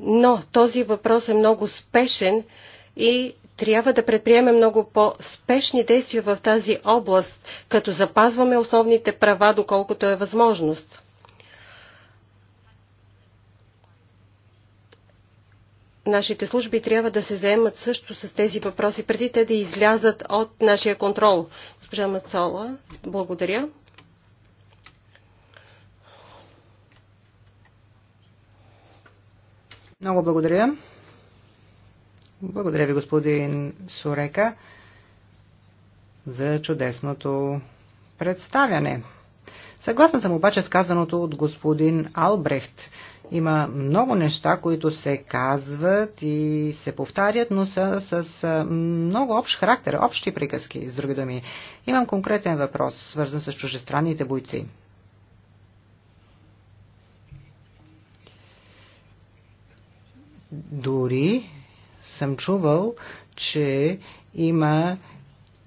Но този въпрос е много спешен и трябва да предприеме много по-спешни действия в тази област, като запазваме основните права, доколкото е възможност. Нашите служби трябва да се заемат също с тези въпроси, преди те да излязат от нашия контрол. Госпожа Мацола, благодаря. Много благодаря. Благодаря ви, господин Сурека, за чудесното представяне. Съгласна съм обаче с казаното от господин Албрехт. Има много неща, които се казват и се повтарят, но са с много общ характер, общи приказки, с други думи. Имам конкретен въпрос, свързан с чужестранните бойци. Дори съм чувал, че има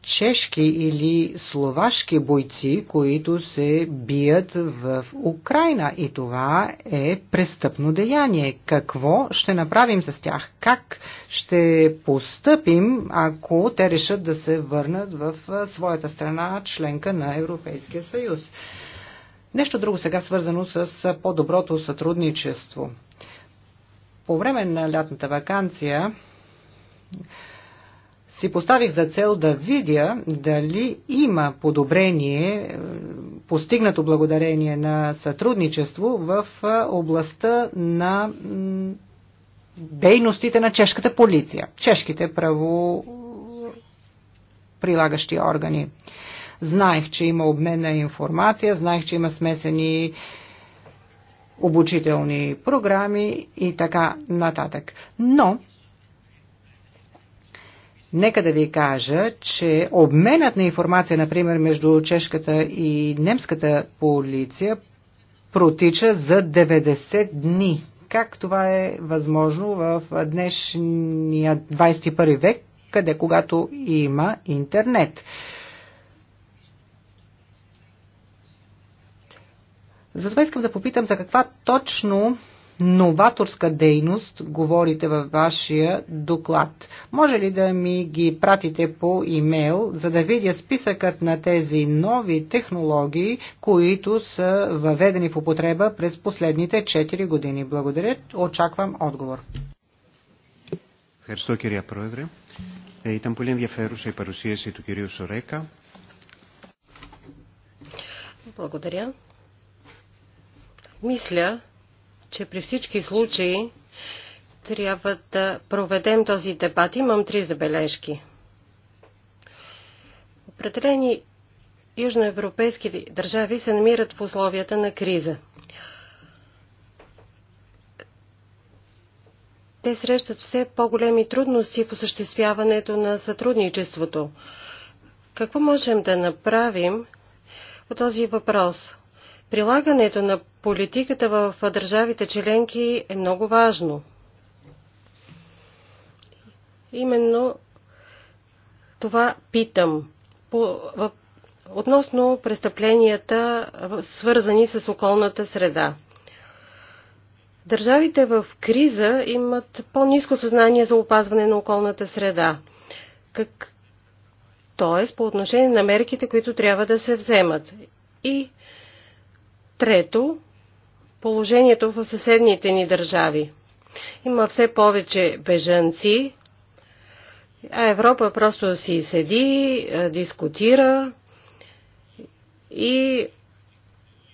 чешки или словашки бойци, които се бият в Украина. И това е престъпно деяние. Какво ще направим с тях? Как ще постъпим, ако те решат да се върнат в своята страна, членка на Европейския съюз? Нещо друго сега свързано с по-доброто сътрудничество. По време на лятната вакансия си поставих за цел да видя дали има подобрение, е, постигнато благодарение на сътрудничество в е, областта на дейностите на чешката полиция, чешките право прилагащи органи. Знаех, че има обмен на информация, знаех, че има смесени обучителни програми и така нататък. Но Нека да ви кажа, че обменът на информация, например, между чешката и немската полиция протича за 90 дни. Как това е възможно в днешния 21 век, къде когато има интернет? Затова искам да попитам за каква точно новаторска дейност говорите във вашия доклад. Може ли да ми ги пратите по имейл, за да видя списъкът на тези нови технологии, които са въведени в употреба през последните 4 години? Благодаря. Очаквам отговор. Ευχαριστώ κυρία Πρόεδρε. Ε, ήταν πολύ ενδιαφέρουσα η παρουσίαση του κυρίου Σορέκα. Благодаря. Мисля, че при всички случаи трябва да проведем този дебат. Имам три забележки. Определени южноевропейски държави се намират в условията на криза. Те срещат все по-големи трудности в осъществяването на сътрудничеството. Какво можем да направим по този въпрос? Прилагането на политиката в държавите членки е много важно. Именно това питам. По, относно престъпленията, свързани с околната среда. Държавите в криза имат по-низко съзнание за опазване на околната среда. Как... Тоест, по отношение на мерките, които трябва да се вземат. И Трето, положението в съседните ни държави. Има все повече бежанци, а Европа просто си седи, дискутира и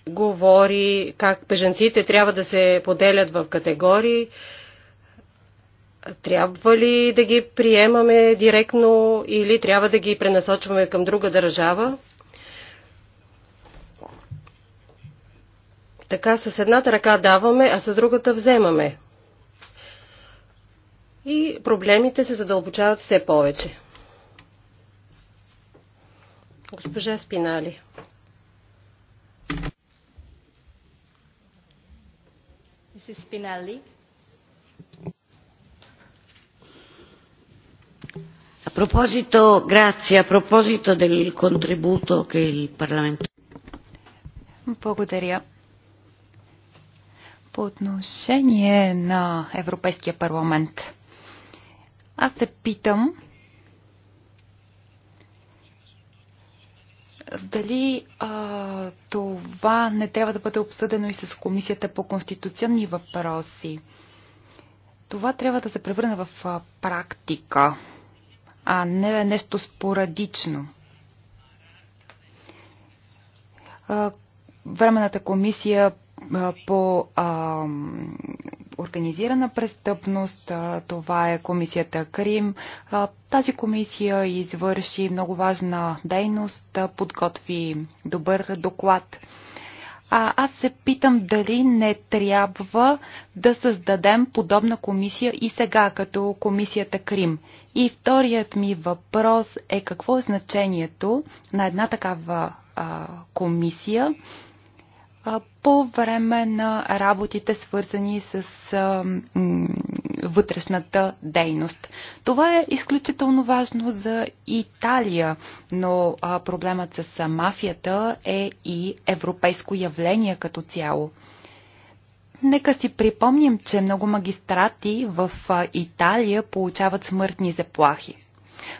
говори как бежанците трябва да се поделят в категории. Трябва ли да ги приемаме директно или трябва да ги пренасочваме към друга държава? Така с едната ръка даваме, а с другата вземаме. И проблемите се задълбочават все повече. Госпожа Спинали. Mrs. Спинали. A proposito, grazie, a proposito del contributo che il Parlamento. Un Благодаря. По отношение на Европейския парламент, аз се питам дали а, това не трябва да бъде обсъдено и с Комисията по конституционни въпроси. Това трябва да се превърне в а, практика, а не нещо спорадично. А, Временната комисия по а, организирана престъпност. Това е комисията Крим. Тази комисия извърши много важна дейност, подготви добър доклад. А аз се питам дали не трябва да създадем подобна комисия и сега, като комисията Крим. И вторият ми въпрос е какво е значението на една такава а, комисия по време на работите, свързани с вътрешната дейност. Това е изключително важно за Италия, но проблемът с мафията е и европейско явление като цяло. Нека си припомним, че много магистрати в Италия получават смъртни заплахи.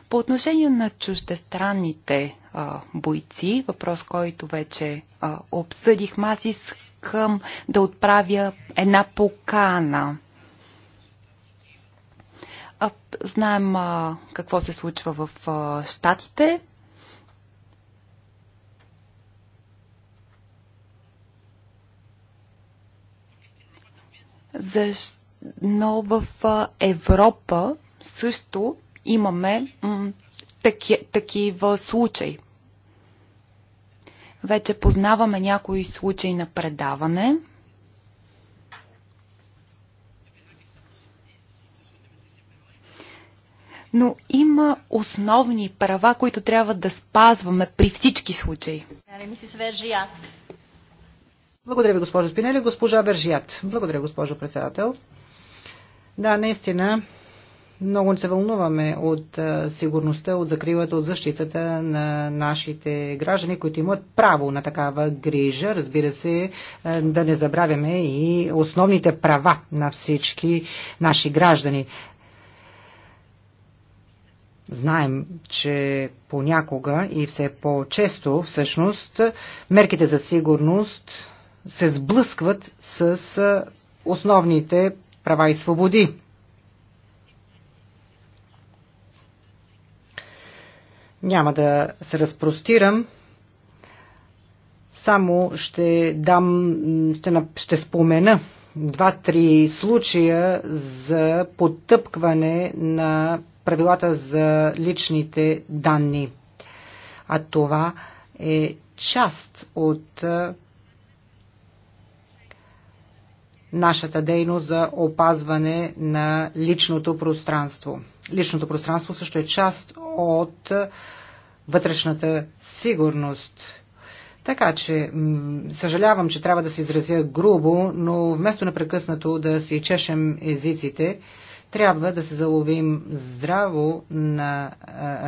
По отношение на чуждестранните а, бойци, въпрос, който вече а, обсъдихме, аз искам да отправя една покана. А, знаем а, какво се случва в а, Штатите. Защо? но в Европа също имаме таки, такива случаи. Вече познаваме някои случаи на предаване. Но има основни права, които трябва да спазваме при всички случаи. Нали, Благодаря ви, госпожо Спинели. Госпожа Бержият. Благодаря, госпожо председател. Да, наистина, много се вълнуваме от сигурността, от закрилата, от защитата на нашите граждани, които имат право на такава грижа. Разбира се, да не забравяме и основните права на всички наши граждани. Знаем, че понякога и все по-често всъщност мерките за сигурност се сблъскват с основните права и свободи Няма да се разпростирам. Само ще дам, ще, ще спомена два-три случая за потъпкване на правилата за личните данни. А това е част от нашата дейност за опазване на личното пространство. Личното пространство също е част от вътрешната сигурност. Така че, съжалявам, че трябва да се изразя грубо, но вместо непрекъснато да си чешем езиците, трябва да се заловим здраво на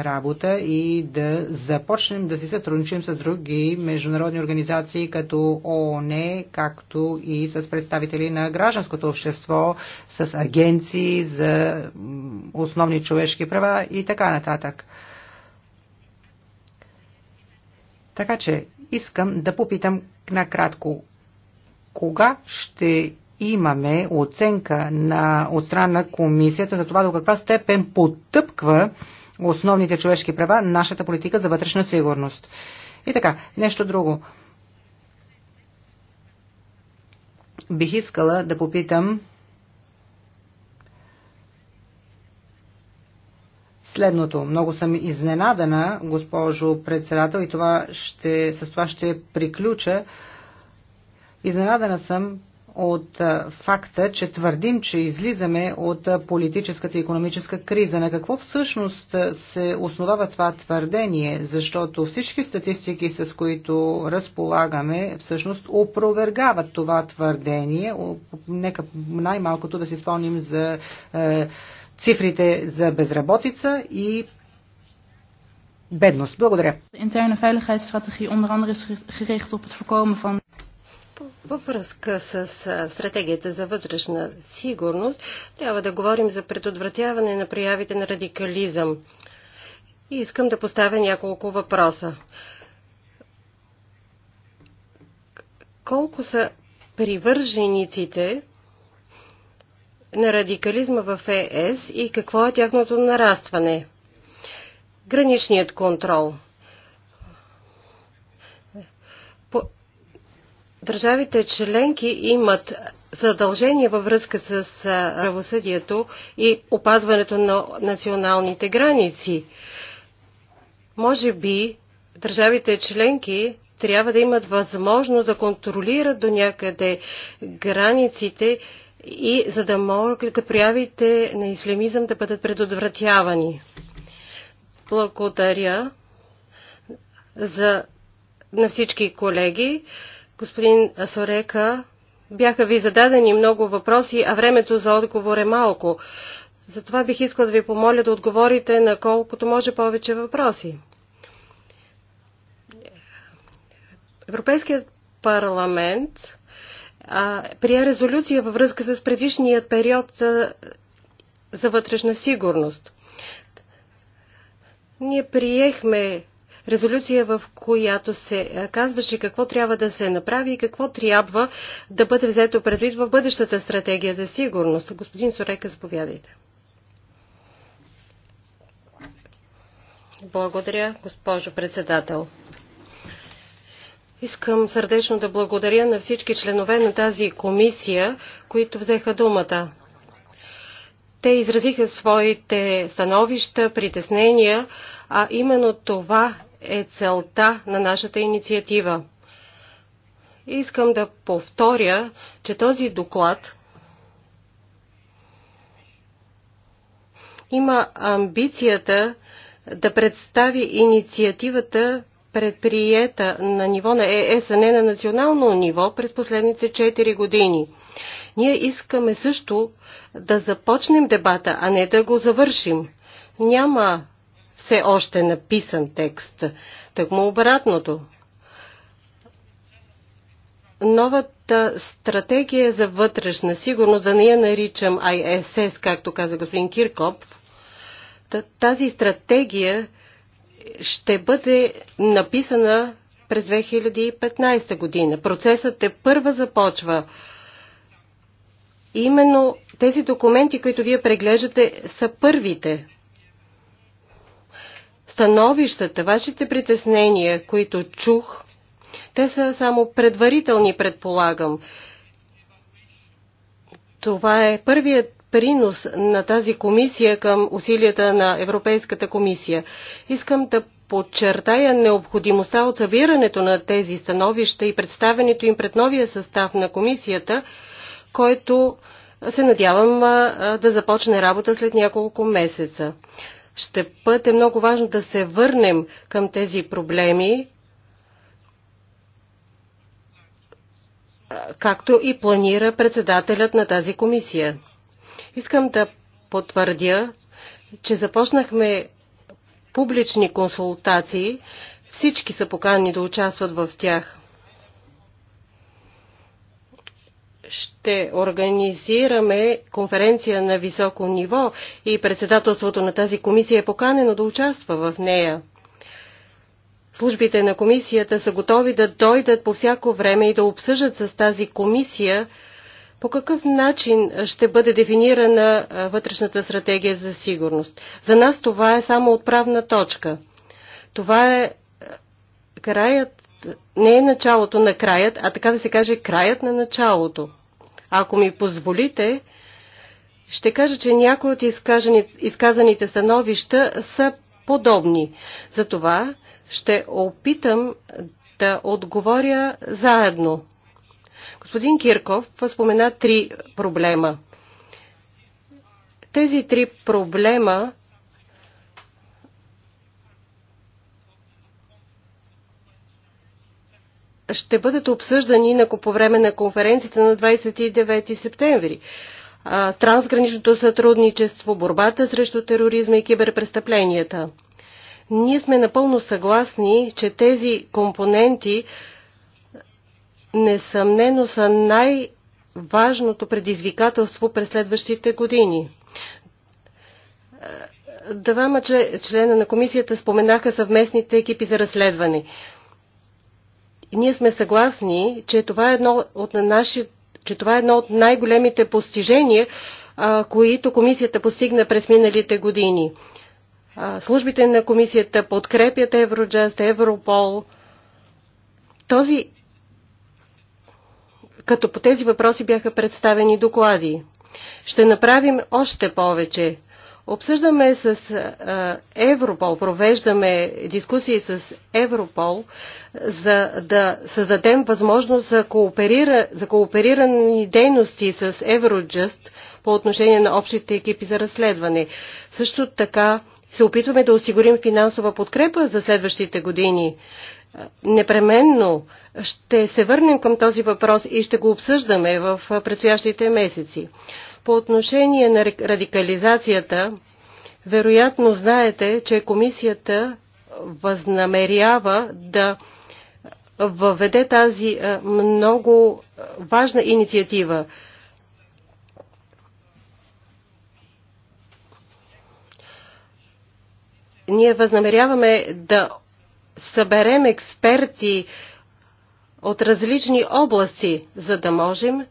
работа и да започнем да си сътрудничим с други международни организации като ООН, както и с представители на гражданското общество, с агенции за основни човешки права и така нататък. Така че искам да попитам накратко, кога ще имаме оценка на, от страна на комисията за това до каква степен потъпква основните човешки права нашата политика за вътрешна сигурност. И така, нещо друго. Бих искала да попитам следното. Много съм изненадана, госпожо председател, и това ще, с това ще приключа. Изненадана съм, от факта, че твърдим, че излизаме от политическата и економическа криза. На какво всъщност се основава това твърдение? Защото всички статистики, с които разполагаме, всъщност опровергават това твърдение. Нека най-малкото да си спомним за е, цифрите за безработица и бедност. Благодаря. Интерна veiligheidsstrategie onder andere is gericht op het voorkomen van във връзка с стратегията за вътрешна сигурност, трябва да говорим за предотвратяване на проявите на радикализъм. И искам да поставя няколко въпроса. Колко са привържениците на радикализма в ЕС и какво е тяхното нарастване? Граничният контрол – Държавите членки имат задължения във връзка с правосъдието и опазването на националните граници. Може би държавите членки трябва да имат възможност да контролират до някъде границите и за да могат проявите на ислямизъм да бъдат предотвратявани. Благодаря за, на всички колеги. Господин Сорека, бяха ви зададени много въпроси, а времето за отговор е малко. Затова бих искал да ви помоля да отговорите на колкото може повече въпроси. Европейският парламент а, прие резолюция във връзка с предишният период а, за вътрешна сигурност. Ние приехме резолюция, в която се е, казваше какво трябва да се направи и какво трябва да бъде взето предвид в бъдещата стратегия за сигурност. Господин Сорека, заповядайте. Благодаря, госпожо председател. Искам сърдечно да благодаря на всички членове на тази комисия, които взеха думата. Те изразиха своите становища, притеснения, а именно това е целта на нашата инициатива. Искам да повторя, че този доклад има амбицията да представи инициативата предприета на ниво на ЕС, а не на национално ниво през последните 4 години. Ние искаме също да започнем дебата, а не да го завършим. Няма все още написан текст. му обратното. Новата стратегия за вътрешна сигурност, да не я наричам ISS, както каза господин Киркоп, тази стратегия ще бъде написана през 2015 година. Процесът е първа започва. Именно тези документи, които вие преглеждате, са първите становищата, вашите притеснения, които чух, те са само предварителни, предполагам. Това е първият принос на тази комисия към усилията на Европейската комисия. Искам да подчертая необходимостта от събирането на тези становища и представенето им пред новия състав на комисията, който се надявам да започне работа след няколко месеца ще бъде много важно да се върнем към тези проблеми, както и планира председателят на тази комисия. Искам да потвърдя, че започнахме публични консултации. Всички са поканени да участват в тях. ще организираме конференция на високо ниво и председателството на тази комисия е поканено да участва в нея. Службите на комисията са готови да дойдат по всяко време и да обсъждат с тази комисия по какъв начин ще бъде дефинирана вътрешната стратегия за сигурност. За нас това е само отправна точка. Това е краят не е началото на краят, а така да се каже краят на началото. Ако ми позволите, ще кажа, че някои от изказаните становища са подобни. Затова ще опитам да отговоря заедно. Господин Кирков спомена три проблема. Тези три проблема ще бъдат обсъждани на, по време на конференцията на 29 септември. Трансграничното сътрудничество, борбата срещу тероризма и киберпрестъпленията. Ние сме напълно съгласни, че тези компоненти несъмнено са най-важното предизвикателство през следващите години. Двама члена на комисията споменаха съвместните екипи за разследване ние сме съгласни, че това е едно от, наши, че това е едно от най-големите постижения, а, които комисията постигна през миналите години. А, службите на комисията подкрепят Евроджаст, Европол. Този, като по тези въпроси бяха представени доклади. Ще направим още повече. Обсъждаме с Европол, провеждаме дискусии с Европол, за да създадем възможност за, кооперира, за кооперирани дейности с Евроджъст по отношение на общите екипи за разследване. Също така се опитваме да осигурим финансова подкрепа за следващите години. Непременно ще се върнем към този въпрос и ще го обсъждаме в предстоящите месеци. По отношение на радикализацията, вероятно знаете, че комисията възнамерява да въведе тази е, много важна инициатива. Ние възнамеряваме да съберем експерти от различни области, за да можем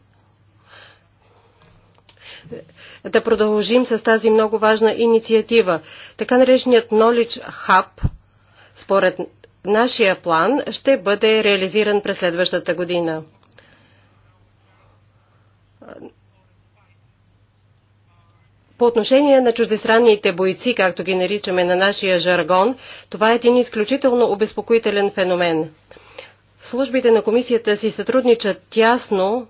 да продължим с тази много важна инициатива. Така нареченият Knowledge Hub, според нашия план, ще бъде реализиран през следващата година. По отношение на чуждестранните бойци, както ги наричаме на нашия жаргон, това е един изключително обезпокоителен феномен. Службите на комисията си сътрудничат тясно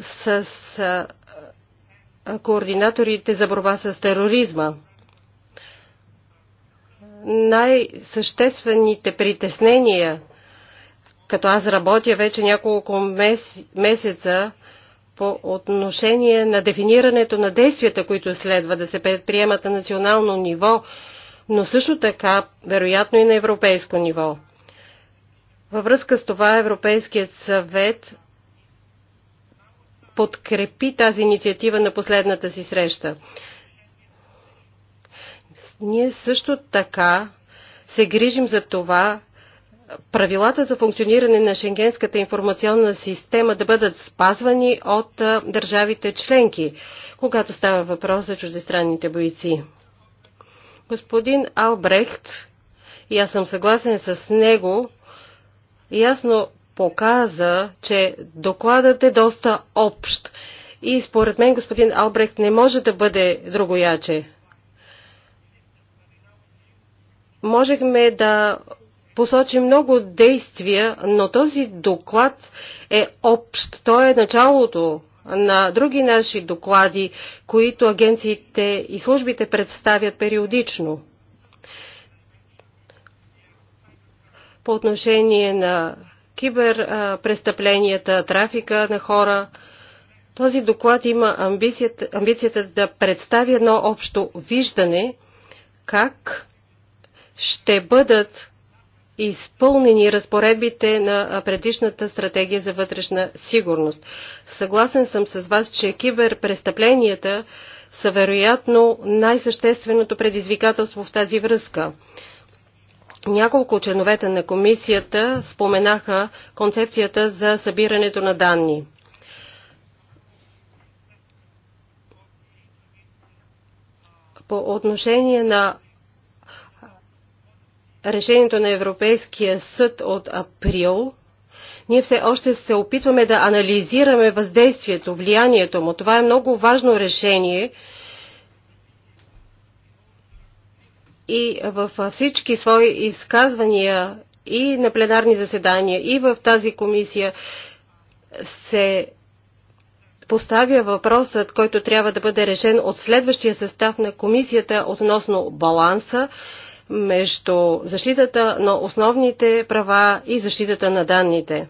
с координаторите за борба с тероризма. Най-съществените притеснения, като аз работя вече няколко мес, месеца по отношение на дефинирането на действията, които следва да се предприемат на национално ниво, но също така, вероятно и на европейско ниво. Във връзка с това Европейският съвет подкрепи тази инициатива на последната си среща. Ние също така се грижим за това правилата за функциониране на Шенгенската информационна система да бъдат спазвани от държавите членки, когато става въпрос за чуждестранните бойци. Господин Албрехт, и аз съм съгласен с него, ясно показа, че докладът е доста общ и според мен господин Албрехт не може да бъде другояче. Можехме да посочи много действия, но този доклад е общ. Той е началото на други наши доклади, които агенциите и службите представят периодично. По отношение на киберпрестъпленията, трафика на хора. Този доклад има амбицията, амбицията да представи едно общо виждане как ще бъдат изпълнени разпоредбите на предишната стратегия за вътрешна сигурност. Съгласен съм с вас, че киберпрестъпленията са вероятно най-същественото предизвикателство в тази връзка. Няколко членовете на комисията споменаха концепцията за събирането на данни. По отношение на решението на Европейския съд от април, ние все още се опитваме да анализираме въздействието, влиянието му. Това е много важно решение, и във всички свои изказвания и на пленарни заседания, и в тази комисия се поставя въпросът, който трябва да бъде решен от следващия състав на комисията относно баланса между защитата на основните права и защитата на данните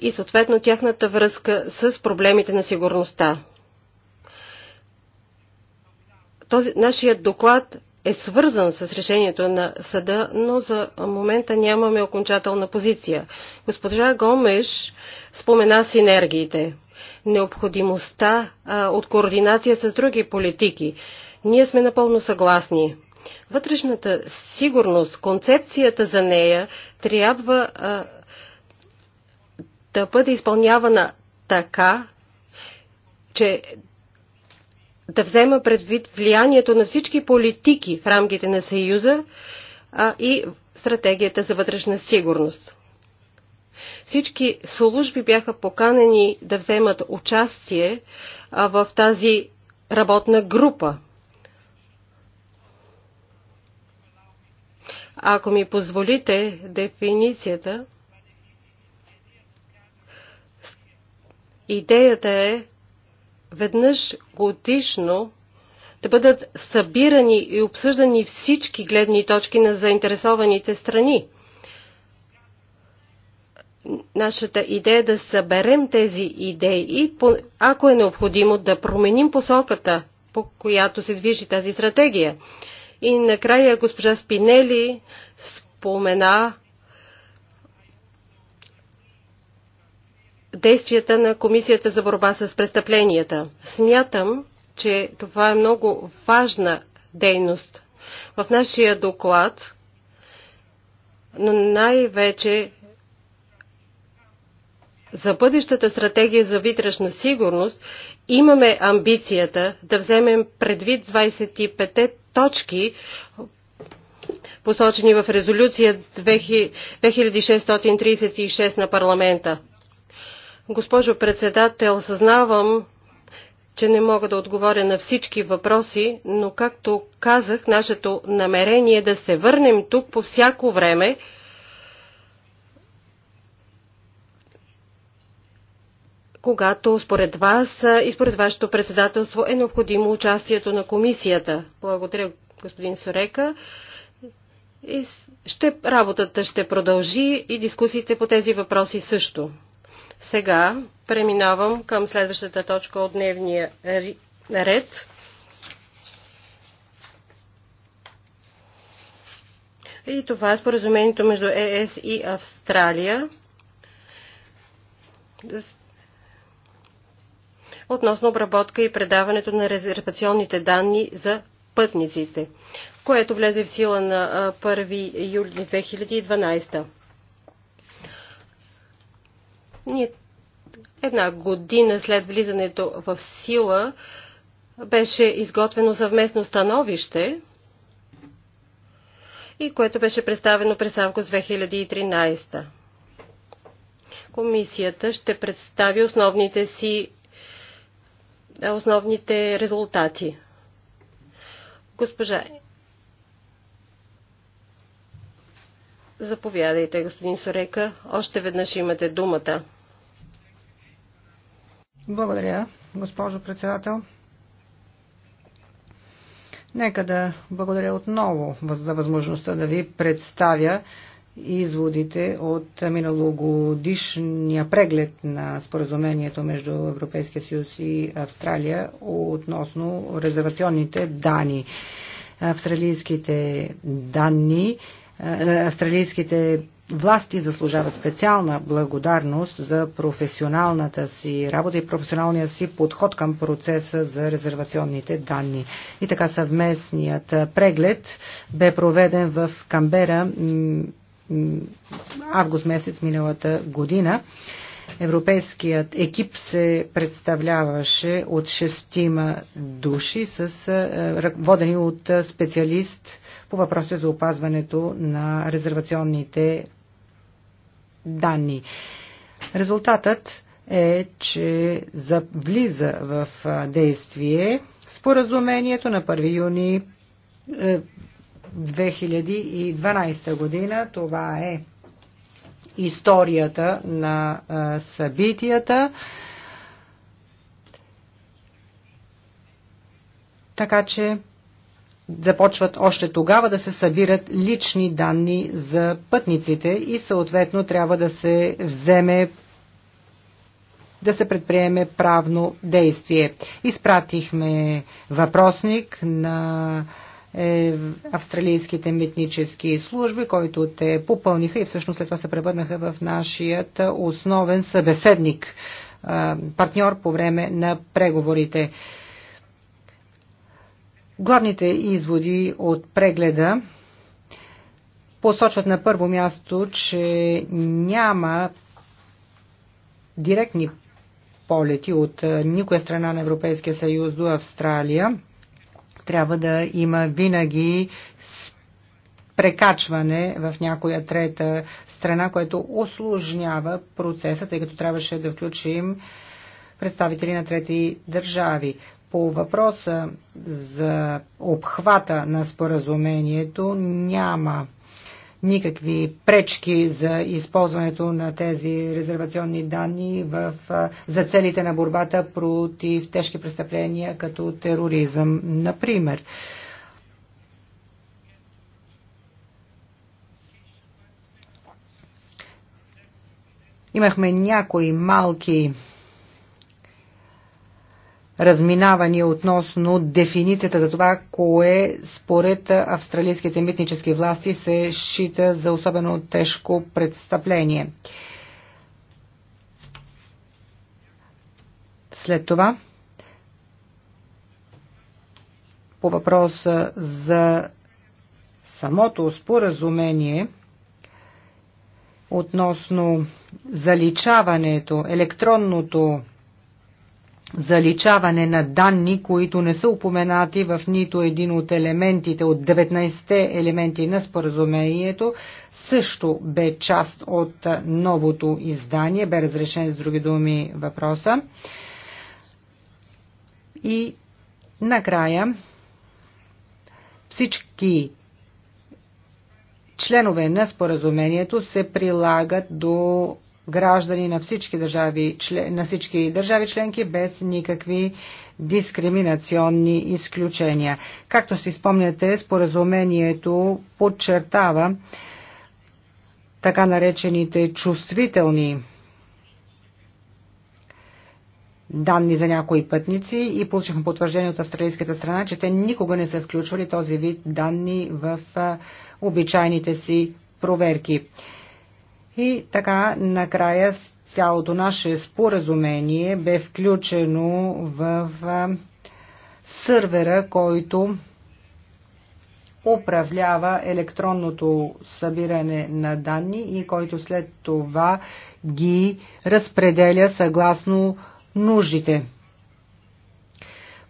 и съответно тяхната връзка с проблемите на сигурността. Този, нашият доклад е свързан с решението на съда, но за момента нямаме окончателна позиция. Госпожа Гомеш спомена синергиите, необходимостта а, от координация с други политики. Ние сме напълно съгласни. Вътрешната сигурност, концепцията за нея трябва а, да бъде изпълнявана така, че да взема предвид влиянието на всички политики в рамките на Съюза а, и стратегията за вътрешна сигурност. Всички служби бяха поканени да вземат участие а, в тази работна група. Ако ми позволите дефиницията, идеята е веднъж годишно да бъдат събирани и обсъждани всички гледни точки на заинтересованите страни. Нашата идея е да съберем тези идеи и, ако е необходимо, да променим посоката, по която се движи тази стратегия. И накрая госпожа Спинели спомена действията на Комисията за борба с престъпленията. Смятам, че това е много важна дейност. В нашия доклад, но най-вече за бъдещата стратегия за вътрешна сигурност, имаме амбицията да вземем предвид 25-те точки, посочени в резолюция 2636 на парламента. Госпожо председател, съзнавам, че не мога да отговоря на всички въпроси, но както казах, нашето намерение е да се върнем тук по всяко време. когато според вас и според вашето председателство е необходимо участието на комисията. Благодаря, господин Сорека. И ще, работата ще продължи и дискусиите по тези въпроси също. Сега преминавам към следващата точка от дневния ред. И това е споразумението между ЕС и Австралия относно обработка и предаването на резервационните данни за пътниците, което влезе в сила на 1 юли 2012. Ние една година след влизането в сила беше изготвено съвместно становище и което беше представено през август 2013. Комисията ще представи основните си е, основните резултати. Госпожа Заповядайте, господин Сорека. Още веднъж имате думата. Благодаря, госпожо председател. Нека да благодаря отново за възможността да ви представя изводите от миналогодишния преглед на споразумението между Европейския съюз и Австралия относно резервационните данни. Австралийските данни австралийските власти заслужават специална благодарност за професионалната си работа и професионалния си подход към процеса за резервационните данни. И така съвместният преглед бе проведен в Камбера август месец миналата година Европейският екип се представляваше от шестима души, с, е, е, водени от е, специалист по въпроси за опазването на резервационните данни. Резултатът е, че за влиза в действие споразумението на 1 юни 2012 година. Това е историята на събитията. Така че започват още тогава да се събират лични данни за пътниците и съответно трябва да се вземе да се предприеме правно действие. Изпратихме въпросник на е, австралийските митнически служби, който те попълниха и всъщност след това се превърнаха в нашият основен събеседник, е, партньор по време на преговорите. Главните изводи от прегледа посочват на първо място, че няма директни полети от е, никоя страна на Европейския съюз до Австралия трябва да има винаги прекачване в някоя трета страна, което осложнява процеса, тъй като трябваше да включим представители на трети държави. По въпроса за обхвата на споразумението няма никакви пречки за използването на тези резервационни данни в, за целите на борбата против тежки престъпления като тероризъм, например. Имахме някои малки разминавания относно дефиницията за това, кое според австралийските митнически власти се счита за особено тежко престъпление. След това, по въпроса за самото споразумение относно заличаването, електронното заличаване на данни, които не са упоменати в нито един от елементите, от 19-те елементи на споразумението, също бе част от новото издание, бе разрешен с други думи въпроса. И накрая всички членове на споразумението се прилагат до граждани на всички държави, на всички държави членки без никакви дискриминационни изключения. Както си спомняте, споразумението подчертава така наречените чувствителни данни за някои пътници и получихме потвърждение от австралийската страна, че те никога не са включвали този вид данни в обичайните си проверки. И така, накрая цялото наше споразумение бе включено в сървера, който управлява електронното събиране на данни и който след това ги разпределя съгласно нуждите.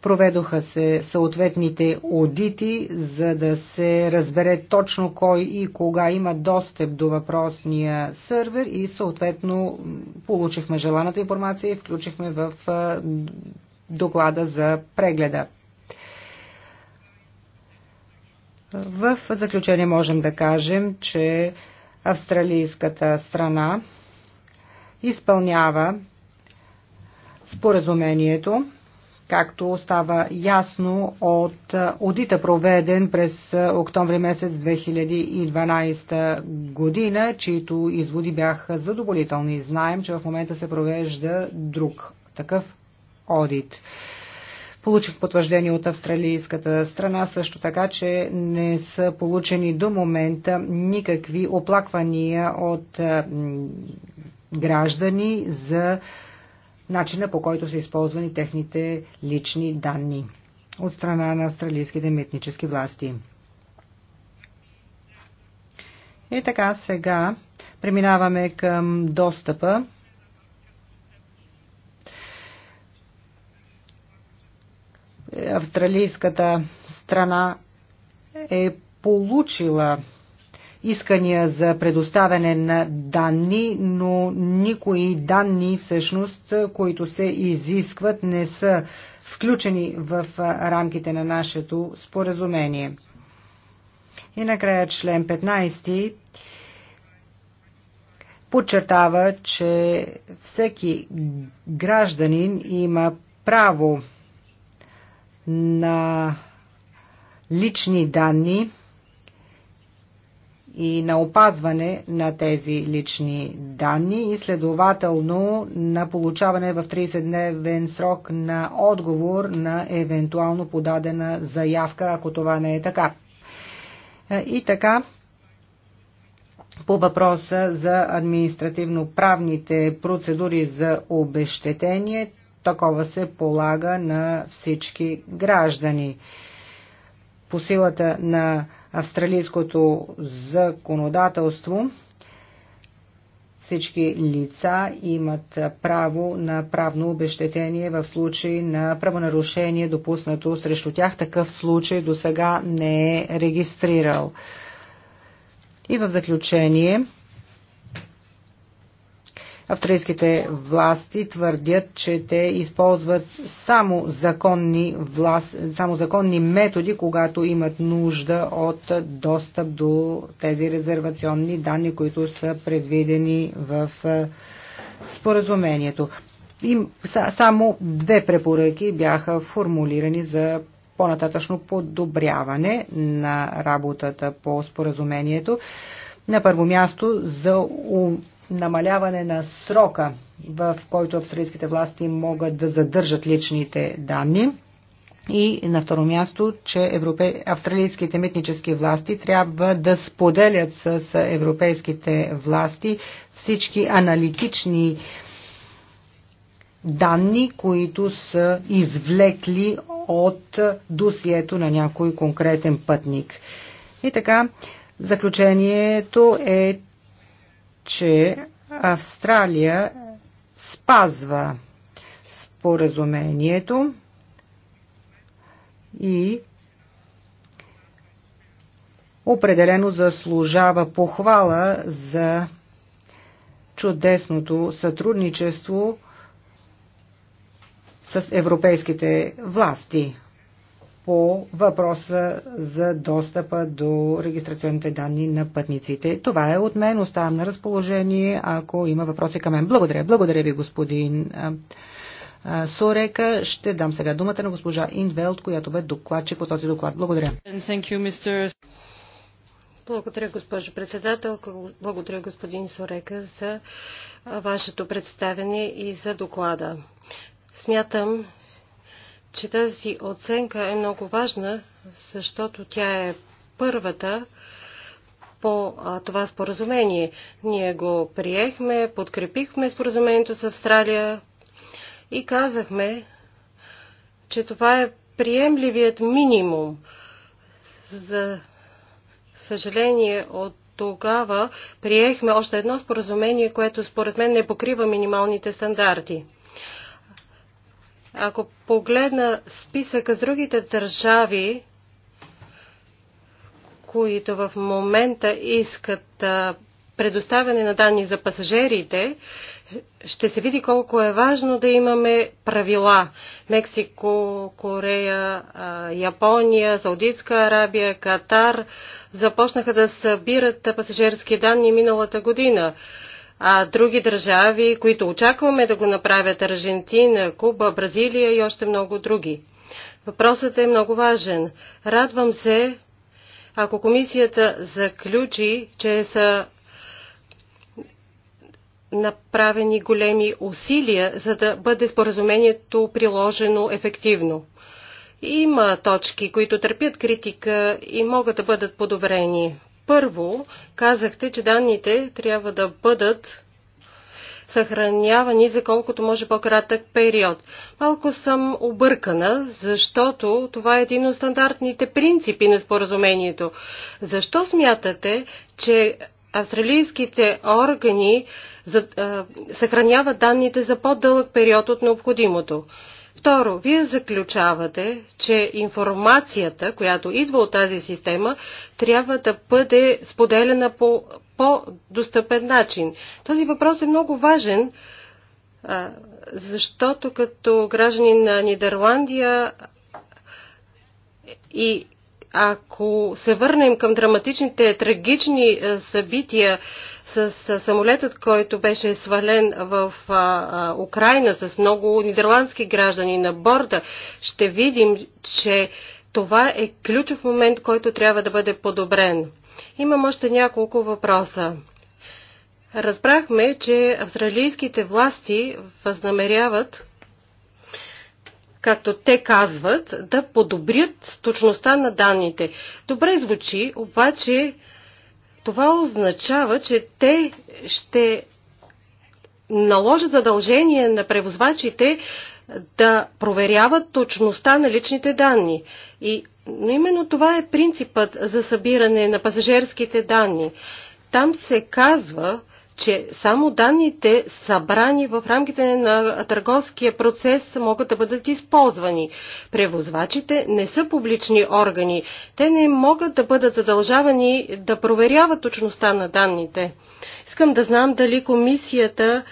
Проведоха се съответните аудити, за да се разбере точно кой и кога има достъп до въпросния сървър и съответно получихме желаната информация и включихме в доклада за прегледа. В заключение можем да кажем, че австралийската страна изпълнява споразумението както става ясно от одита проведен през октомври месец 2012 година, чието изводи бяха задоволителни. Знаем, че в момента се провежда друг такъв одит. Получих потвърждение от австралийската страна също така, че не са получени до момента никакви оплаквания от граждани за начина по който са използвани техните лични данни от страна на австралийските митнически власти. И така сега преминаваме към достъпа австралийската страна е получила искания за предоставяне на данни, но никои данни всъщност, които се изискват, не са включени в рамките на нашето споразумение. И накрая член 15 подчертава, че всеки гражданин има право на лични данни, и на опазване на тези лични данни и следователно на получаване в 30-дневен срок на отговор на евентуално подадена заявка, ако това не е така. Е, и така, по въпроса за административно-правните процедури за обещетение, такова се полага на всички граждани. По силата на австралийското законодателство всички лица имат право на правно обещетение в случай на правонарушение, допуснато срещу тях. Такъв случай до сега не е регистрирал. И в заключение австрийските власти твърдят, че те използват само законни, власт, само законни методи, когато имат нужда от достъп до тези резервационни данни, които са предвидени в е, споразумението. Им, само две препоръки бяха формулирани за по-нататъчно подобряване на работата по споразумението. На първо място за намаляване на срока, в който австралийските власти могат да задържат личните данни. И на второ място, че европе... австралийските митнически власти трябва да споделят с европейските власти всички аналитични данни, които са извлекли от досието на някой конкретен пътник. И така, заключението е, че Австралия спазва споразумението и определено заслужава похвала за чудесното сътрудничество с европейските власти по въпроса за достъпа до регистрационните данни на пътниците. Това е от мен. Оставам на разположение, ако има въпроси към мен. Благодаря. Благодаря ви, господин Сорека. Ще дам сега думата на госпожа Инвелт, която бе докладчик по този доклад. Благодаря. Благодаря, госпожо председател. Благодаря, господин Сорека, за вашето представяне и за доклада. Смятам, че тази оценка е много важна, защото тя е първата по това споразумение. Ние го приехме, подкрепихме споразумението с Австралия и казахме, че това е приемливият минимум. За съжаление, от тогава приехме още едно споразумение, което според мен не покрива минималните стандарти. Ако погледна списъка с другите държави, които в момента искат предоставяне на данни за пасажирите, ще се види колко е важно да имаме правила. Мексико, Корея, Япония, Саудитска Арабия, Катар започнаха да събират пасажирски данни миналата година а други държави, които очакваме да го направят Аржентина, Куба, Бразилия и още много други. Въпросът е много важен. Радвам се, ако комисията заключи, че са направени големи усилия, за да бъде споразумението приложено ефективно. Има точки, които търпят критика и могат да бъдат подобрени. Първо, казахте, че данните трябва да бъдат съхранявани за колкото може по-кратък период. Малко съм объркана, защото това е един от стандартните принципи на споразумението. Защо смятате, че австралийските органи за, а, съхраняват данните за по-дълъг период от необходимото? Второ, вие заключавате, че информацията, която идва от тази система, трябва да бъде споделена по по-достъпен начин. Този въпрос е много важен, защото като гражданин на Нидерландия и ако се върнем към драматичните, трагични събития с самолетът, който беше свален в а, а, Украина с много нидерландски граждани на борда, ще видим, че това е ключов момент, който трябва да бъде подобрен. Имам още няколко въпроса. Разбрахме, че австралийските власти възнамеряват, както те казват, да подобрят точността на данните. Добре звучи, обаче това означава, че те ще наложат задължение на превозвачите да проверяват точността на личните данни. И, но именно това е принципът за събиране на пасажирските данни. Там се казва, че само данните събрани в рамките на търговския процес могат да бъдат използвани. Превозвачите не са публични органи. Те не могат да бъдат задължавани да проверяват точността на данните. Искам да знам дали комисията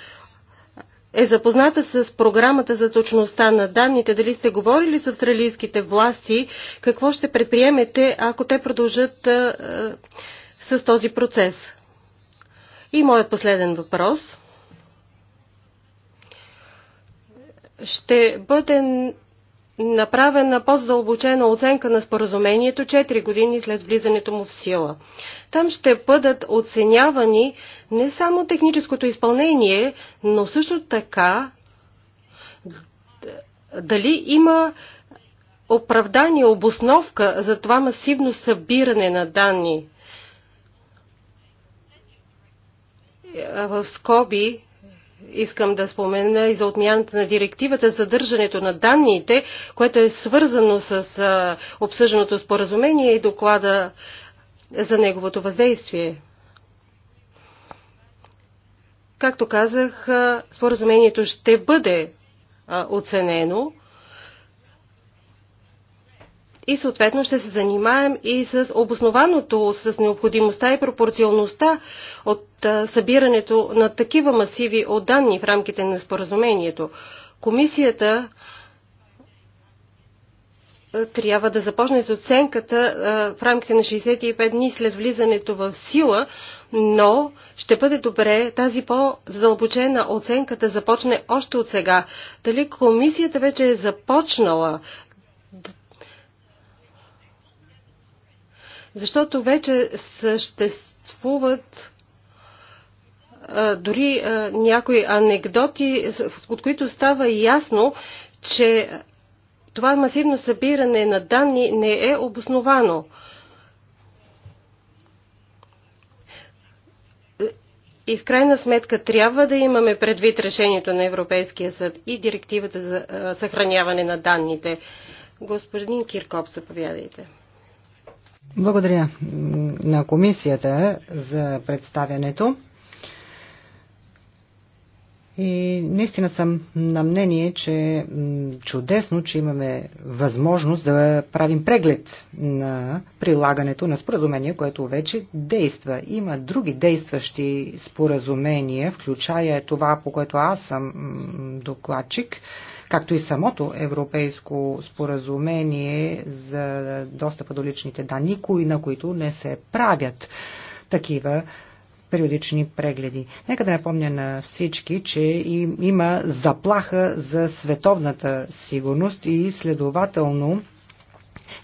е запозната с програмата за точността на данните, дали сте говорили с австралийските власти, какво ще предприемете, ако те продължат с този процес. И моят последен въпрос ще бъде направена по-задълбочена оценка на споразумението 4 години след влизането му в сила. Там ще бъдат оценявани не само техническото изпълнение, но също така дали има оправдание, обосновка за това масивно събиране на данни. в скоби искам да спомена и за отмяната на директивата за държането на данните, което е свързано с обсъжданото споразумение и доклада за неговото въздействие. Както казах, споразумението ще бъде оценено и съответно ще се занимаем и с обоснованото, с необходимостта и пропорционалността от събирането на такива масиви от данни в рамките на споразумението. Комисията трябва да започне с оценката в рамките на 65 дни след влизането в сила, но ще бъде добре тази по-задълбочена оценка да започне още от сега. Дали комисията вече е започнала защото вече съществуват дори някои анекдоти, от които става ясно, че това масивно събиране на данни не е обосновано. И в крайна сметка трябва да имаме предвид решението на Европейския съд и директивата за съхраняване на данните. Господин Киркоп, заповядайте. Благодаря на комисията за представянето. И наистина съм на мнение, че чудесно, че имаме възможност да правим преглед на прилагането на споразумение, което вече действа. Има други действащи споразумения, включая това, по което аз съм докладчик, както и самото европейско споразумение за достъпа до личните данни, кои на които не се правят такива периодични прегледи. Нека да напомня на всички, че им, има заплаха за световната сигурност и следователно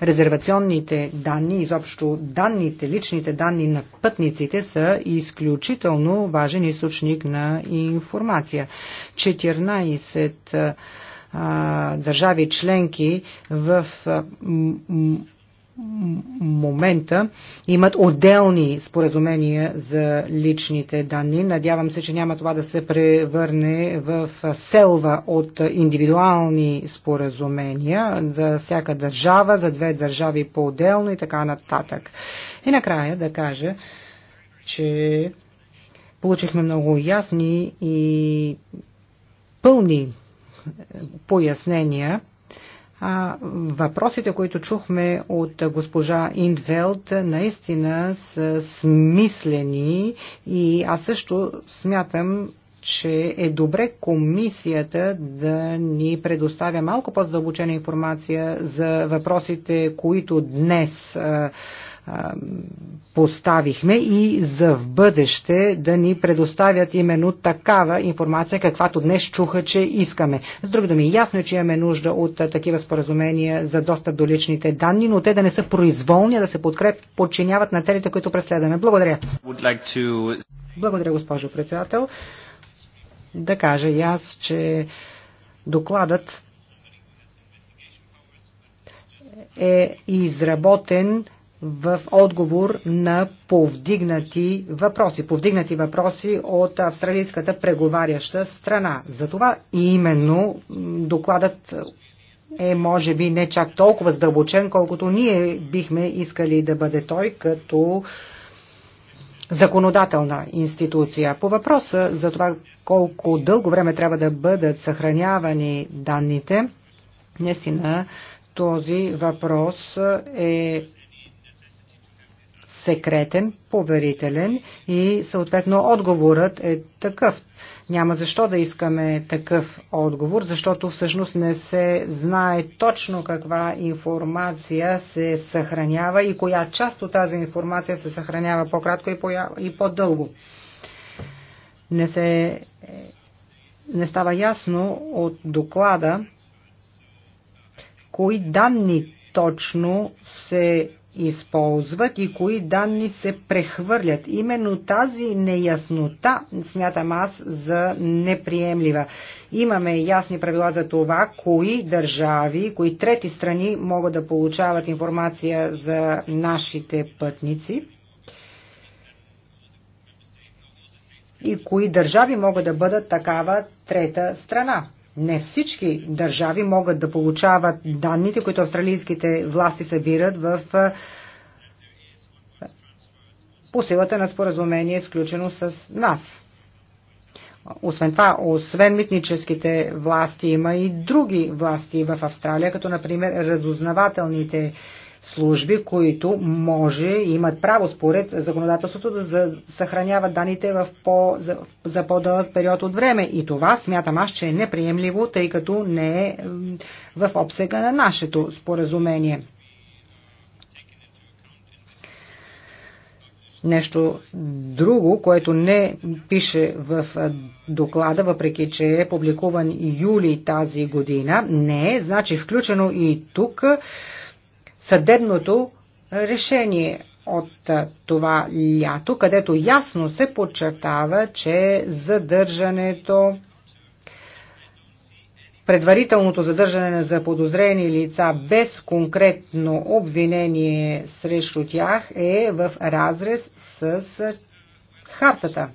резервационните данни, изобщо данните, личните данни на пътниците са изключително важен източник на информация. 14 държави членки в а, момента имат отделни споразумения за личните данни. Надявам се, че няма това да се превърне в селва от индивидуални споразумения за всяка държава, за две държави по-отделно и така нататък. И накрая да кажа, че получихме много ясни и пълни пояснения. А въпросите, които чухме от госпожа Индвелд, наистина са смислени и аз също смятам, че е добре комисията да ни предоставя малко по-задълбочена информация за въпросите, които днес а, поставихме и за в бъдеще да ни предоставят именно такава информация, каквато днес чуха, че искаме. С други думи, ясно е, че имаме нужда от такива споразумения за достъп до личните данни, но те да не са произволни, а да се подкреп, подчиняват на целите, които преследваме. Благодаря. Благодаря, госпожо председател. Да кажа и аз, че докладът е изработен в отговор на повдигнати въпроси. Повдигнати въпроси от австралийската преговаряща страна. Затова именно докладът е, може би, не чак толкова задълбочен, колкото ние бихме искали да бъде той като законодателна институция. По въпроса за това колко дълго време трябва да бъдат съхранявани данните, наистина този въпрос е секретен, поверителен и съответно отговорът е такъв. Няма защо да искаме такъв отговор, защото всъщност не се знае точно каква информация се съхранява и коя част от тази информация се съхранява по-кратко и по-дълго. Не, се, не става ясно от доклада кои данни точно се използват и кои данни се прехвърлят. Именно тази неяснота смятам аз за неприемлива. Имаме ясни правила за това, кои държави, кои трети страни могат да получават информация за нашите пътници и кои държави могат да бъдат такава трета страна. Не всички държави могат да получават данните, които австралийските власти събират в по силата на споразумение, изключено с нас. Освен това, освен митническите власти, има и други власти в Австралия, като например разузнавателните служби, които може и имат право според законодателството да съхраняват данните в по, за, за по-дълъг период от време. И това смятам аз, че е неприемливо, тъй като не е в обсега на нашето споразумение. Нещо друго, което не пише в доклада, въпреки че е публикуван юли тази година, не е, значи включено и тук съдебното решение от това лято, където ясно се подчертава, че задържането предварителното задържане на заподозрени лица без конкретно обвинение срещу тях е в разрез с хартата.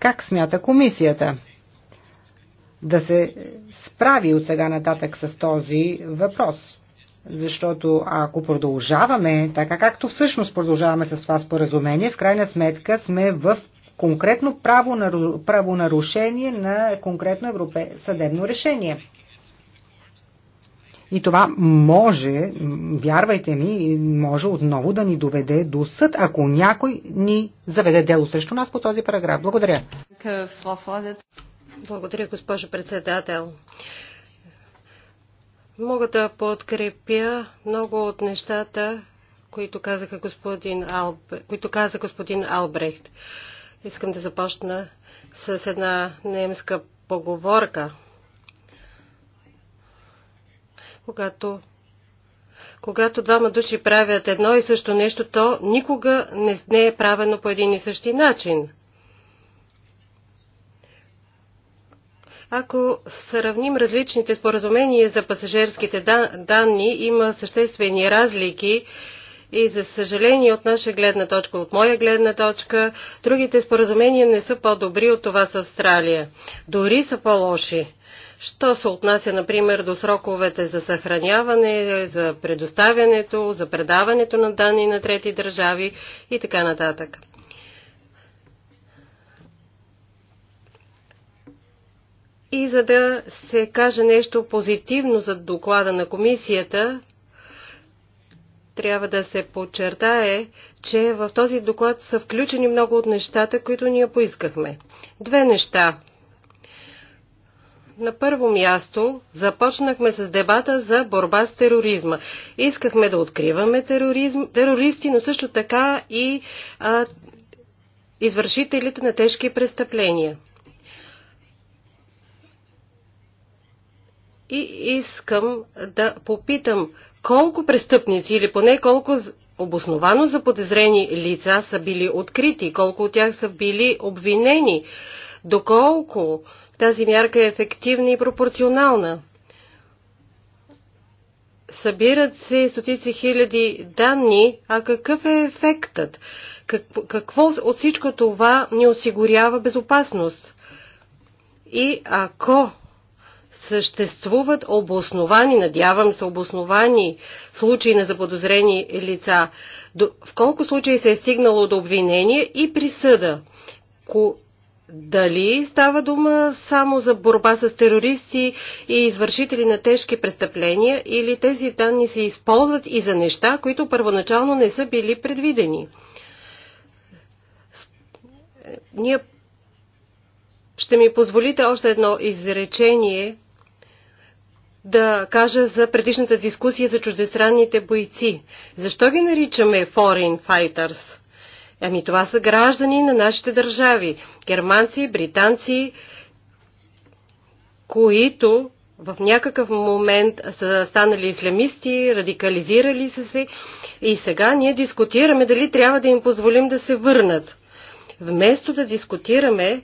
Как смята комисията? да се справи от сега нататък с този въпрос. Защото ако продължаваме, така както всъщност продължаваме с това споразумение, в крайна сметка сме в конкретно правонарушение на конкретно европе... съдебно решение. И това може, вярвайте ми, може отново да ни доведе до съд, ако някой ни заведе дело срещу нас по този параграф. Благодаря. Благодаря, госпожо председател. Мога да подкрепя много от нещата, които, казаха господин Алб... които каза господин Албрехт. Искам да започна с една немска поговорка. Когато, когато двама души правят едно и също нещо, то никога не, не е правено по един и същи начин. Ако сравним различните споразумения за пасажирските данни, има съществени разлики и за съжаление от наша гледна точка, от моя гледна точка, другите споразумения не са по-добри от това с Австралия. Дори са по-лоши. Що се отнася, например, до сроковете за съхраняване, за предоставянето, за предаването на данни на трети държави и така нататък. И за да се каже нещо позитивно за доклада на комисията, трябва да се подчертае, че в този доклад са включени много от нещата, които ние поискахме. Две неща. На първо място започнахме с дебата за борба с тероризма. Искахме да откриваме тероризм, терористи, но също така и а, извършителите на тежки престъпления. И искам да попитам колко престъпници или поне колко обосновано за подозрени лица са били открити, колко от тях са били обвинени, доколко тази мярка е ефективна и пропорционална. Събират се стотици хиляди данни, а какъв е ефектът? Какво, какво от всичко това ни осигурява безопасност? И ако съществуват обосновани, надявам се, обосновани случаи на заподозрени лица, в колко случаи се е стигнало до обвинение и присъда. Ко... Дали става дума само за борба с терористи и извършители на тежки престъпления или тези данни се използват и за неща, които първоначално не са били предвидени? Ние ще ми позволите още едно изречение да кажа за предишната дискусия за чуждестранните бойци. Защо ги наричаме foreign fighters? Ами това са граждани на нашите държави. Германци, британци, които в някакъв момент са станали ислямисти, радикализирали са се и сега ние дискутираме дали трябва да им позволим да се върнат. Вместо да дискутираме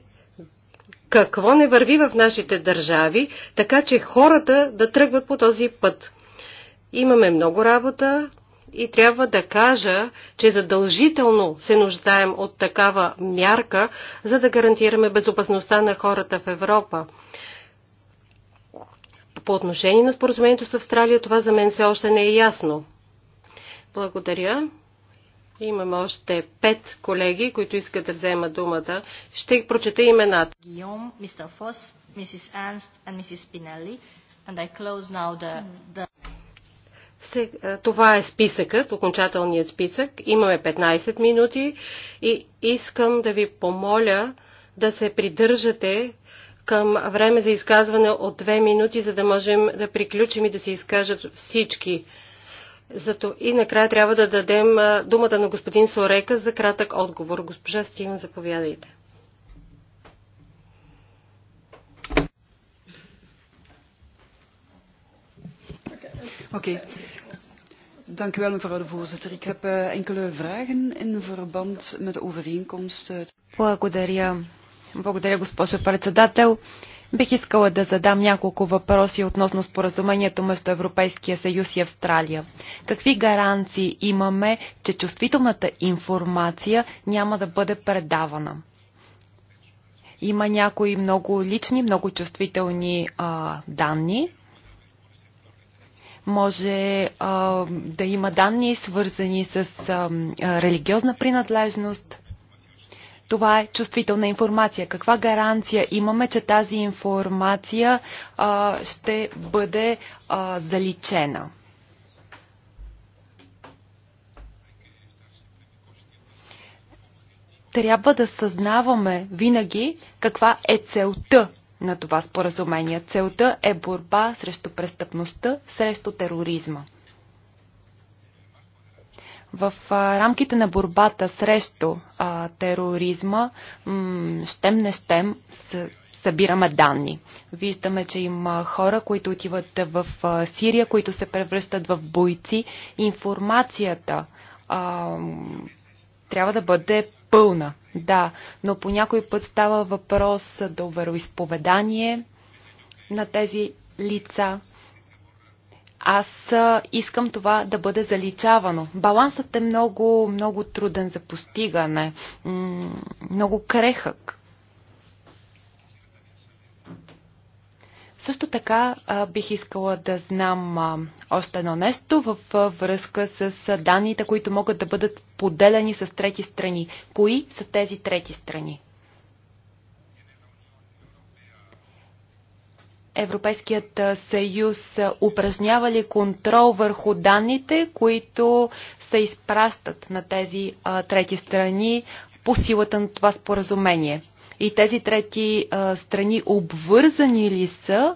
какво не върви в нашите държави, така че хората да тръгват по този път. Имаме много работа и трябва да кажа, че задължително се нуждаем от такава мярка, за да гарантираме безопасността на хората в Европа. По отношение на споразумението с Австралия, това за мен все още не е ясно. Благодаря. Имам още пет колеги, които искат да вземат думата. Ще ги прочета имената. Гиом, мистер Фос, мисис Анст и мисис Пинели. And I close now the, the... Сега, това е списъкът, окончателният списък. Имаме 15 минути и искам да ви помоля да се придържате към време за изказване от 2 минути, за да можем да приключим и да се изкажат всички. Зато и накрая трябва да дадем думата на господин Сорека за кратък отговор. Госпожа Стивен, заповядайте. Oké. Dank u wel, mevrouw de voorzitter. Ik heb uh, enkele vragen in verband met de overeenkomst. Благодаря. Благодаря, госпожо председател. Uh, Бих искала да задам няколко въпроси относно споразумението между Европейския съюз и Австралия. Какви гаранции имаме, че чувствителната информация няма да бъде предавана? Има някои много лични, много чувствителни а, данни. Може а, да има данни, свързани с а, религиозна принадлежност това е чувствителна информация. Каква гаранция имаме, че тази информация а, ще бъде а, заличена? Трябва да съзнаваме винаги каква е целта на това споразумение. Целта е борба срещу престъпността, срещу тероризма. В рамките на борбата срещу а, тероризма, м- щем не щем, събираме данни. Виждаме, че има хора, които отиват в Сирия, които се превръщат в бойци. Информацията а, трябва да бъде пълна, да, но по някой път става въпрос до вероисповедание на тези лица. Аз искам това да бъде заличавано. Балансът е много, много труден за постигане, много крехък. Също така бих искала да знам още едно нещо в връзка с данните, които могат да бъдат поделени с трети страни. Кои са тези трети страни? Европейският съюз упражнява ли контрол върху данните, които се изпращат на тези а, трети страни по силата на това споразумение? И тези трети а, страни обвързани ли са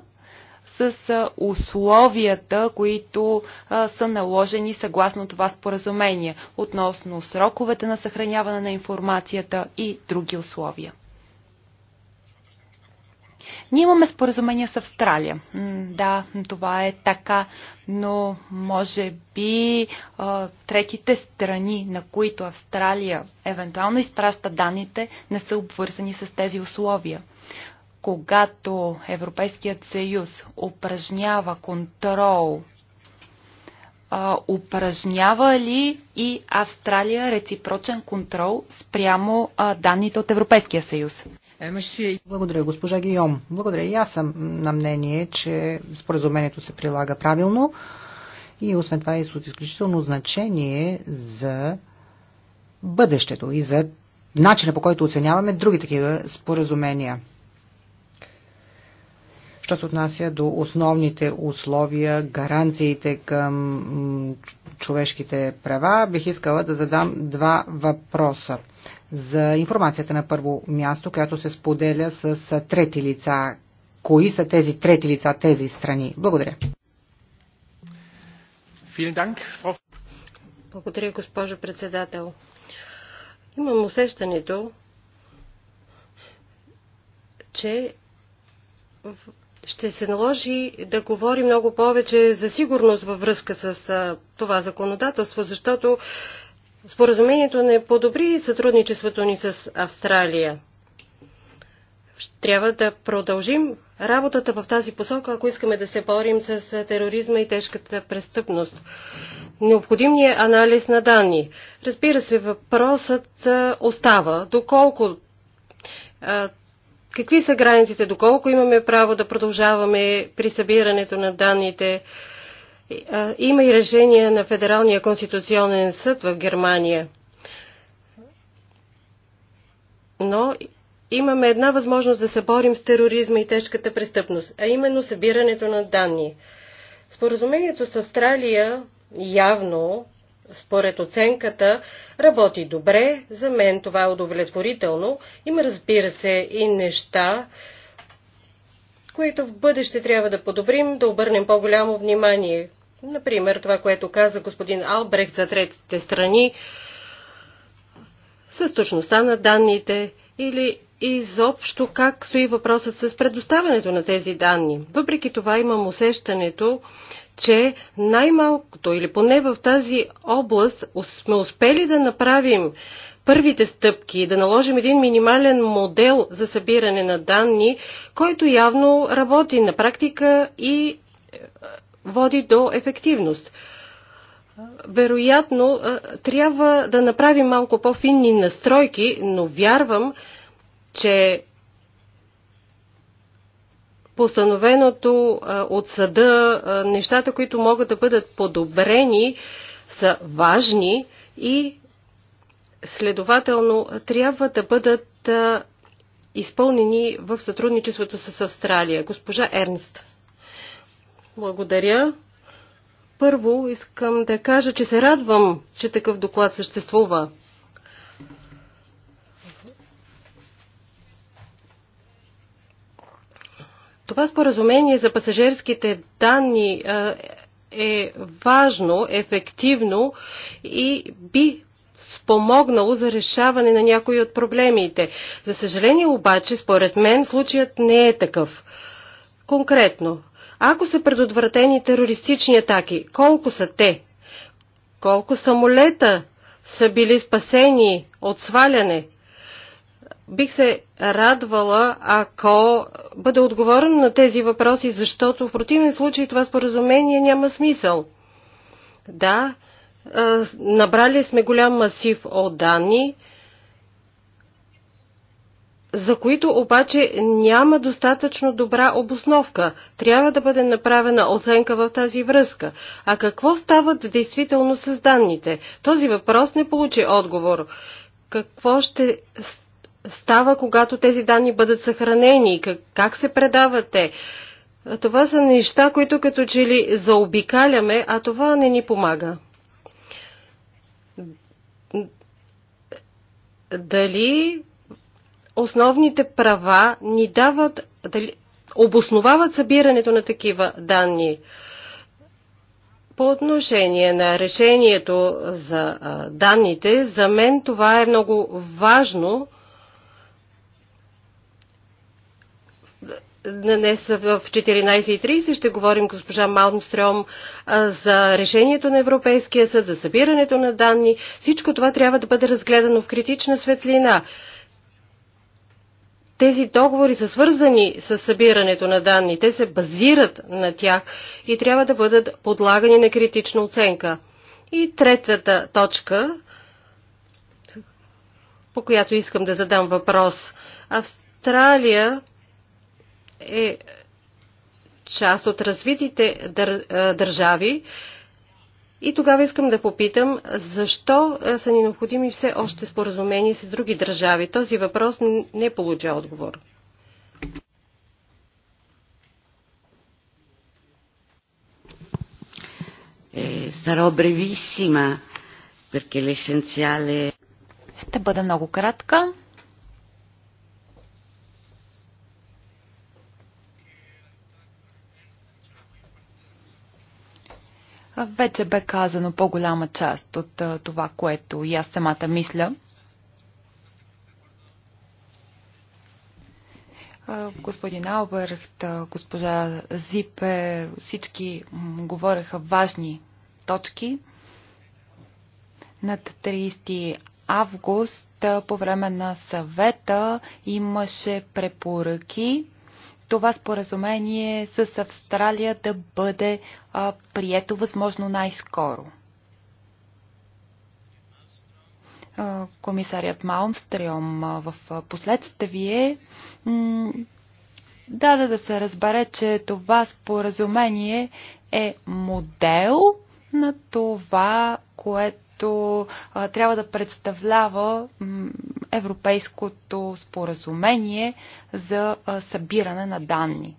с а, условията, които а, са наложени съгласно това споразумение относно сроковете на съхраняване на информацията и други условия? Ние имаме споразумения с Австралия. Да, това е така, но може би третите страни, на които Австралия евентуално изпраща данните, не са обвързани с тези условия когато Европейският съюз упражнява контрол, упражнява ли и Австралия реципрочен контрол спрямо данните от Европейския съюз? Благодаря, госпожа Гийом. Благодаря. И аз съм на мнение, че споразумението се прилага правилно и освен това е от изключително значение за бъдещето и за начина по който оценяваме други такива споразумения що се отнася до основните условия, гаранциите към човешките права, бих искала да задам два въпроса. За информацията на първо място, която се споделя с трети лица. Кои са тези трети лица, тези страни? Благодаря. Благодаря, госпожо председател. Имам усещането, че ще се наложи да говори много повече за сигурност във връзка с това законодателство, защото споразумението не подобри сътрудничеството ни с Австралия. Трябва да продължим работата в тази посока, ако искаме да се борим с тероризма и тежката престъпност. Необходим ни е анализ на данни. Разбира се, въпросът остава доколко Какви са границите? Доколко имаме право да продължаваме при събирането на данните? Има и решение на Федералния конституционен съд в Германия. Но имаме една възможност да се борим с тероризма и тежката престъпност, а именно събирането на данни. Споразумението с Австралия явно според оценката работи добре. За мен това е удовлетворително. Има, разбира се, и неща, които в бъдеще трябва да подобрим, да обърнем по-голямо внимание. Например, това, което каза господин Албрехт за третите страни, с точността на данните или изобщо как стои въпросът с предоставянето на тези данни. Въпреки това имам усещането, че най-малкото или поне в тази област сме успели да направим първите стъпки, да наложим един минимален модел за събиране на данни, който явно работи на практика и е, води до ефективност. Вероятно, е, трябва да направим малко по-финни настройки, но вярвам, че постановеното от съда, нещата, които могат да бъдат подобрени, са важни и следователно трябва да бъдат изпълнени в сътрудничеството с Австралия. Госпожа Ернст. Благодаря. Първо искам да кажа, че се радвам, че такъв доклад съществува. Това споразумение за пасажирските данни е важно, ефективно и би спомогнало за решаване на някои от проблемите. За съжаление обаче, според мен, случаят не е такъв. Конкретно, ако са предотвратени терористични атаки, колко са те? Колко самолета са били спасени от сваляне? Бих се радвала, ако бъде отговорен на тези въпроси, защото в противен случай това споразумение няма смисъл. Да, набрали сме голям масив от данни, за които обаче няма достатъчно добра обосновка. Трябва да бъде направена оценка в тази връзка. А какво става действително с данните? Този въпрос не получи отговор. Какво ще става, когато тези данни бъдат съхранени? Как, как се предават те? Това са неща, които като че ли заобикаляме, а това не ни помага. Дали основните права ни дават, дали, обосновават събирането на такива данни? По отношение на решението за данните, за мен това е много важно, Днес в 14.30 ще говорим госпожа Малмстрем за решението на Европейския съд, за събирането на данни. Всичко това трябва да бъде разгледано в критична светлина. Тези договори са свързани с събирането на данни, те се базират на тях и трябва да бъдат подлагани на критична оценка. И третата точка, по която искам да задам въпрос. Австралия е част от развитите дър, държави. И тогава искам да попитам, защо са ни необходими все още споразумения с други държави? Този въпрос не получа отговор. Sarò brevissima, perché Ще бъда много кратка, Вече бе казано по-голяма част от това, което и аз самата мисля. Господин Алберт, госпожа Зипер, всички говореха важни точки. Над 30 август по време на съвета имаше препоръки това споразумение с Австралия да бъде а, прието възможно най-скоро. Комисарият Маумстрем в последствие даде да се разбере, че това споразумение е модел на това, което трябва да представлява Европейското споразумение за събиране на данни.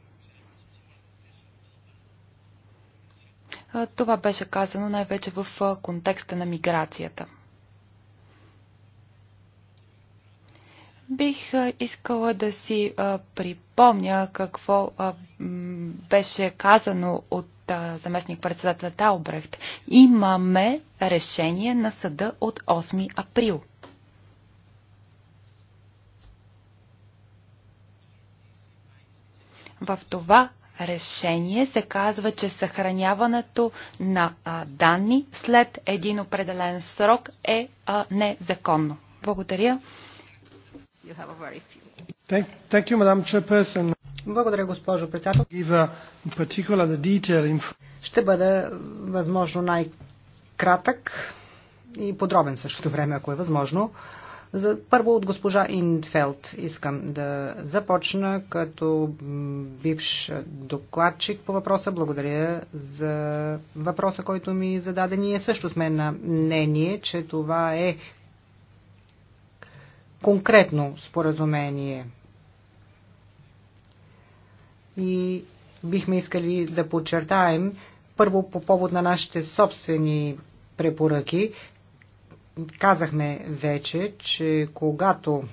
Това беше казано най-вече в контекста на миграцията. Бих искала да си припомня какво беше казано от заместник председателя Таубрехт. Имаме решение на съда от 8 април. В това решение се казва, че съхраняването на а, данни след един определен срок е а, незаконно. Благодаря. Thank, thank you, Благодаря, госпожо председател. Ще бъда възможно най-кратък и подробен същото време, ако е възможно. За, първо от госпожа Инфелд искам да започна като бивш докладчик по въпроса. Благодаря за въпроса, който ми зададе. Ние също сме на мнение, че това е конкретно споразумение. И бихме искали да подчертаем първо по повод на нашите собствени препоръки, Казахме вече, че когато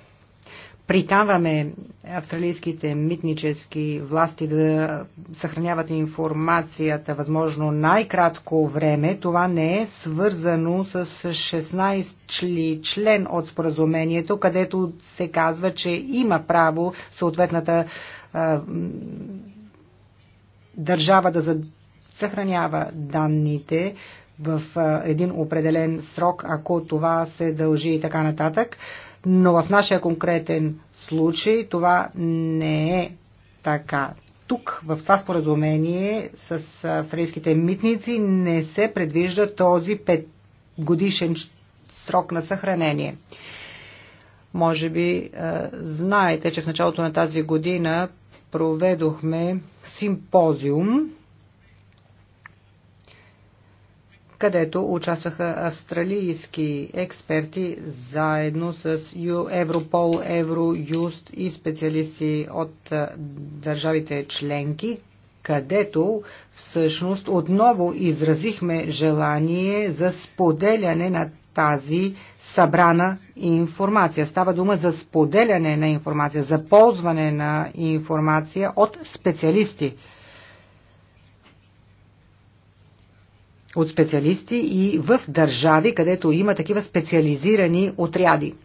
приканваме австралийските митнически власти да съхраняват информацията възможно най-кратко време, това не е свързано с 16 член от споразумението, където се казва, че има право съответната а, държава да съхранява данните в един определен срок, ако това се дължи и така нататък. Но в нашия конкретен случай това не е така. Тук, в това споразумение с австралийските митници, не се предвижда този 5 годишен срок на съхранение. Може би знаете, че в началото на тази година проведохме симпозиум където участваха австралийски експерти заедно с Европол, Евроюст и специалисти от държавите членки, където всъщност отново изразихме желание за споделяне на тази събрана информация. Става дума за споделяне на информация, за ползване на информация от специалисти от специалисти и в държави, където има такива специализирани отряди.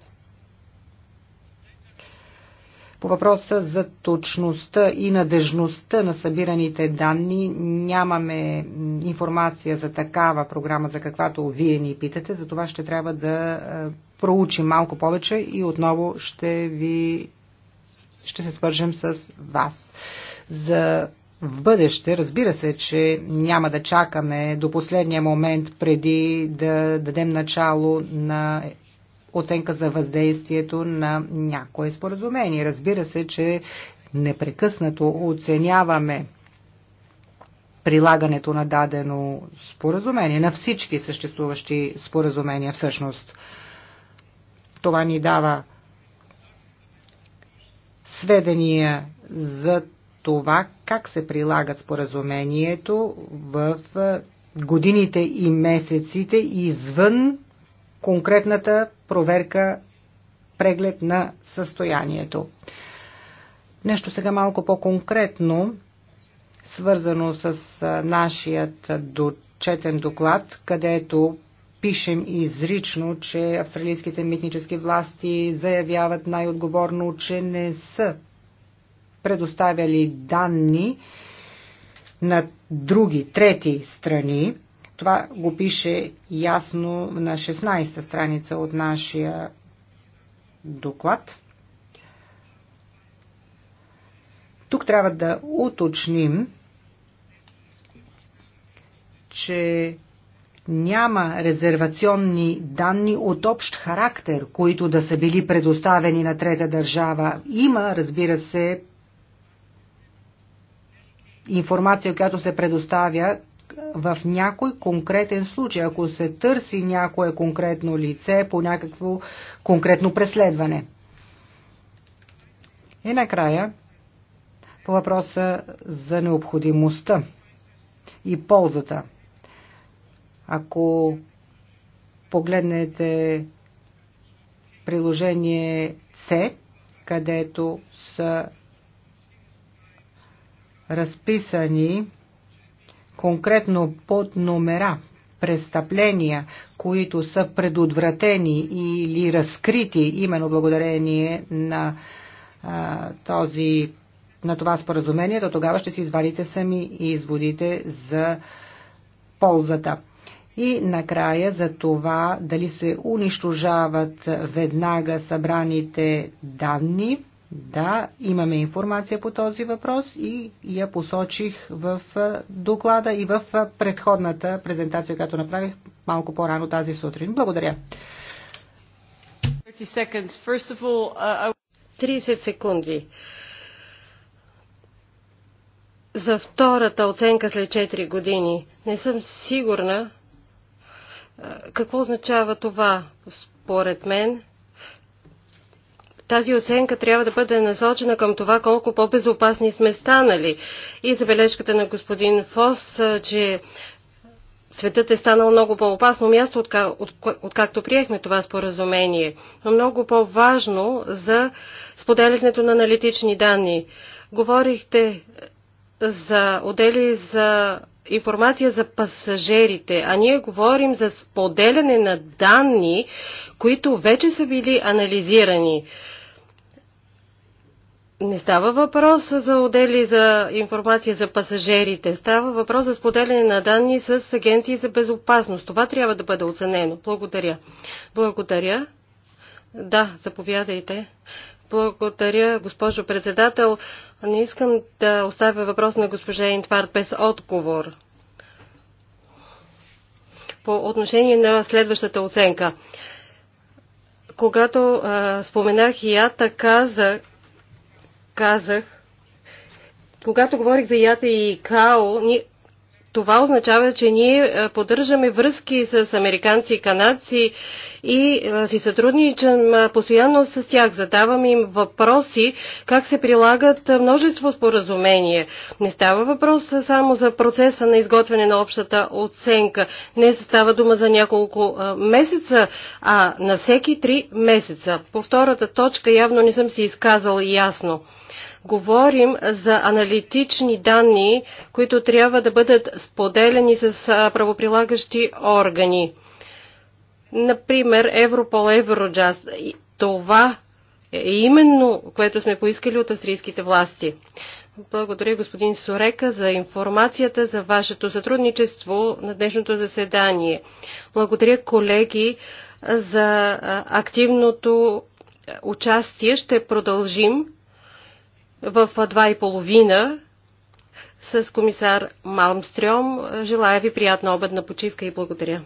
По въпроса за точността и надежността на събираните данни нямаме информация за такава програма, за каквато вие ни питате, за това ще трябва да е, проучим малко повече и отново ще ви ще се свържем с вас. За в бъдеще, разбира се, че няма да чакаме до последния момент преди да дадем начало на оценка за въздействието на някое споразумение. Разбира се, че непрекъснато оценяваме прилагането на дадено споразумение, на всички съществуващи споразумения всъщност. Това ни дава сведения за това как се прилагат споразумението в годините и месеците извън конкретната проверка, преглед на състоянието. Нещо сега малко по-конкретно, свързано с нашият дочетен доклад, където пишем изрично, че австралийските митнически власти заявяват най-отговорно, че не са предоставяли данни на други, трети страни. Това го пише ясно на 16-та страница от нашия доклад. Тук трябва да уточним, че няма резервационни данни от общ характер, които да са били предоставени на трета държава. Има, разбира се, информация, която се предоставя в някой конкретен случай, ако се търси някое конкретно лице по някакво конкретно преследване. И накрая, по въпроса за необходимостта и ползата. Ако погледнете приложение C, където са разписани конкретно под номера престъпления, които са предотвратени или разкрити именно благодарение на а, този на това споразумение, то тогава ще си извадите сами изводите за ползата. И накрая за това дали се унищожават веднага събраните данни да, имаме информация по този въпрос и я посочих в доклада и в предходната презентация, която направих малко по-рано тази сутрин. Благодаря. 30 uh, секунди. За втората оценка след 4 години не съм сигурна какво означава това. Според мен тази оценка трябва да бъде насочена към това колко по-безопасни сме станали. И забележката на господин Фос, че светът е станал много по-опасно място, откакто от, от, приехме това споразумение, но много по-важно за споделянето на аналитични данни. Говорихте за отдели за информация за пасажирите, а ние говорим за споделяне на данни, които вече са били анализирани не става въпрос за отдели за информация за пасажирите. Става въпрос за споделяне на данни с агенции за безопасност. Това трябва да бъде оценено. Благодаря. Благодаря. Да, заповядайте. Благодаря, госпожо председател. Не искам да оставя въпрос на госпожа Интвард без отговор. По отношение на следващата оценка. Когато а, споменах и така казах, казах, когато говорих за ята и као, ние това означава, че ние е, поддържаме връзки с американци и канадци и е, си сътрудничам е, постоянно с тях. Задавам им въпроси как се прилагат множество споразумения. Не става въпрос само за процеса на изготвяне на общата оценка. Не става дума за няколко месеца, а на всеки три месеца. По втората точка явно не съм си изказал ясно. Говорим за аналитични данни, които трябва да бъдат споделени с правоприлагащи органи. Например, Европол, Евроджаз. Това е именно което сме поискали от австрийските власти. Благодаря господин Сорека за информацията, за вашето сътрудничество на днешното заседание. Благодаря колеги за активното участие. Ще продължим в два и половина с комисар Малмстрём. Желая ви приятна обедна почивка и благодаря.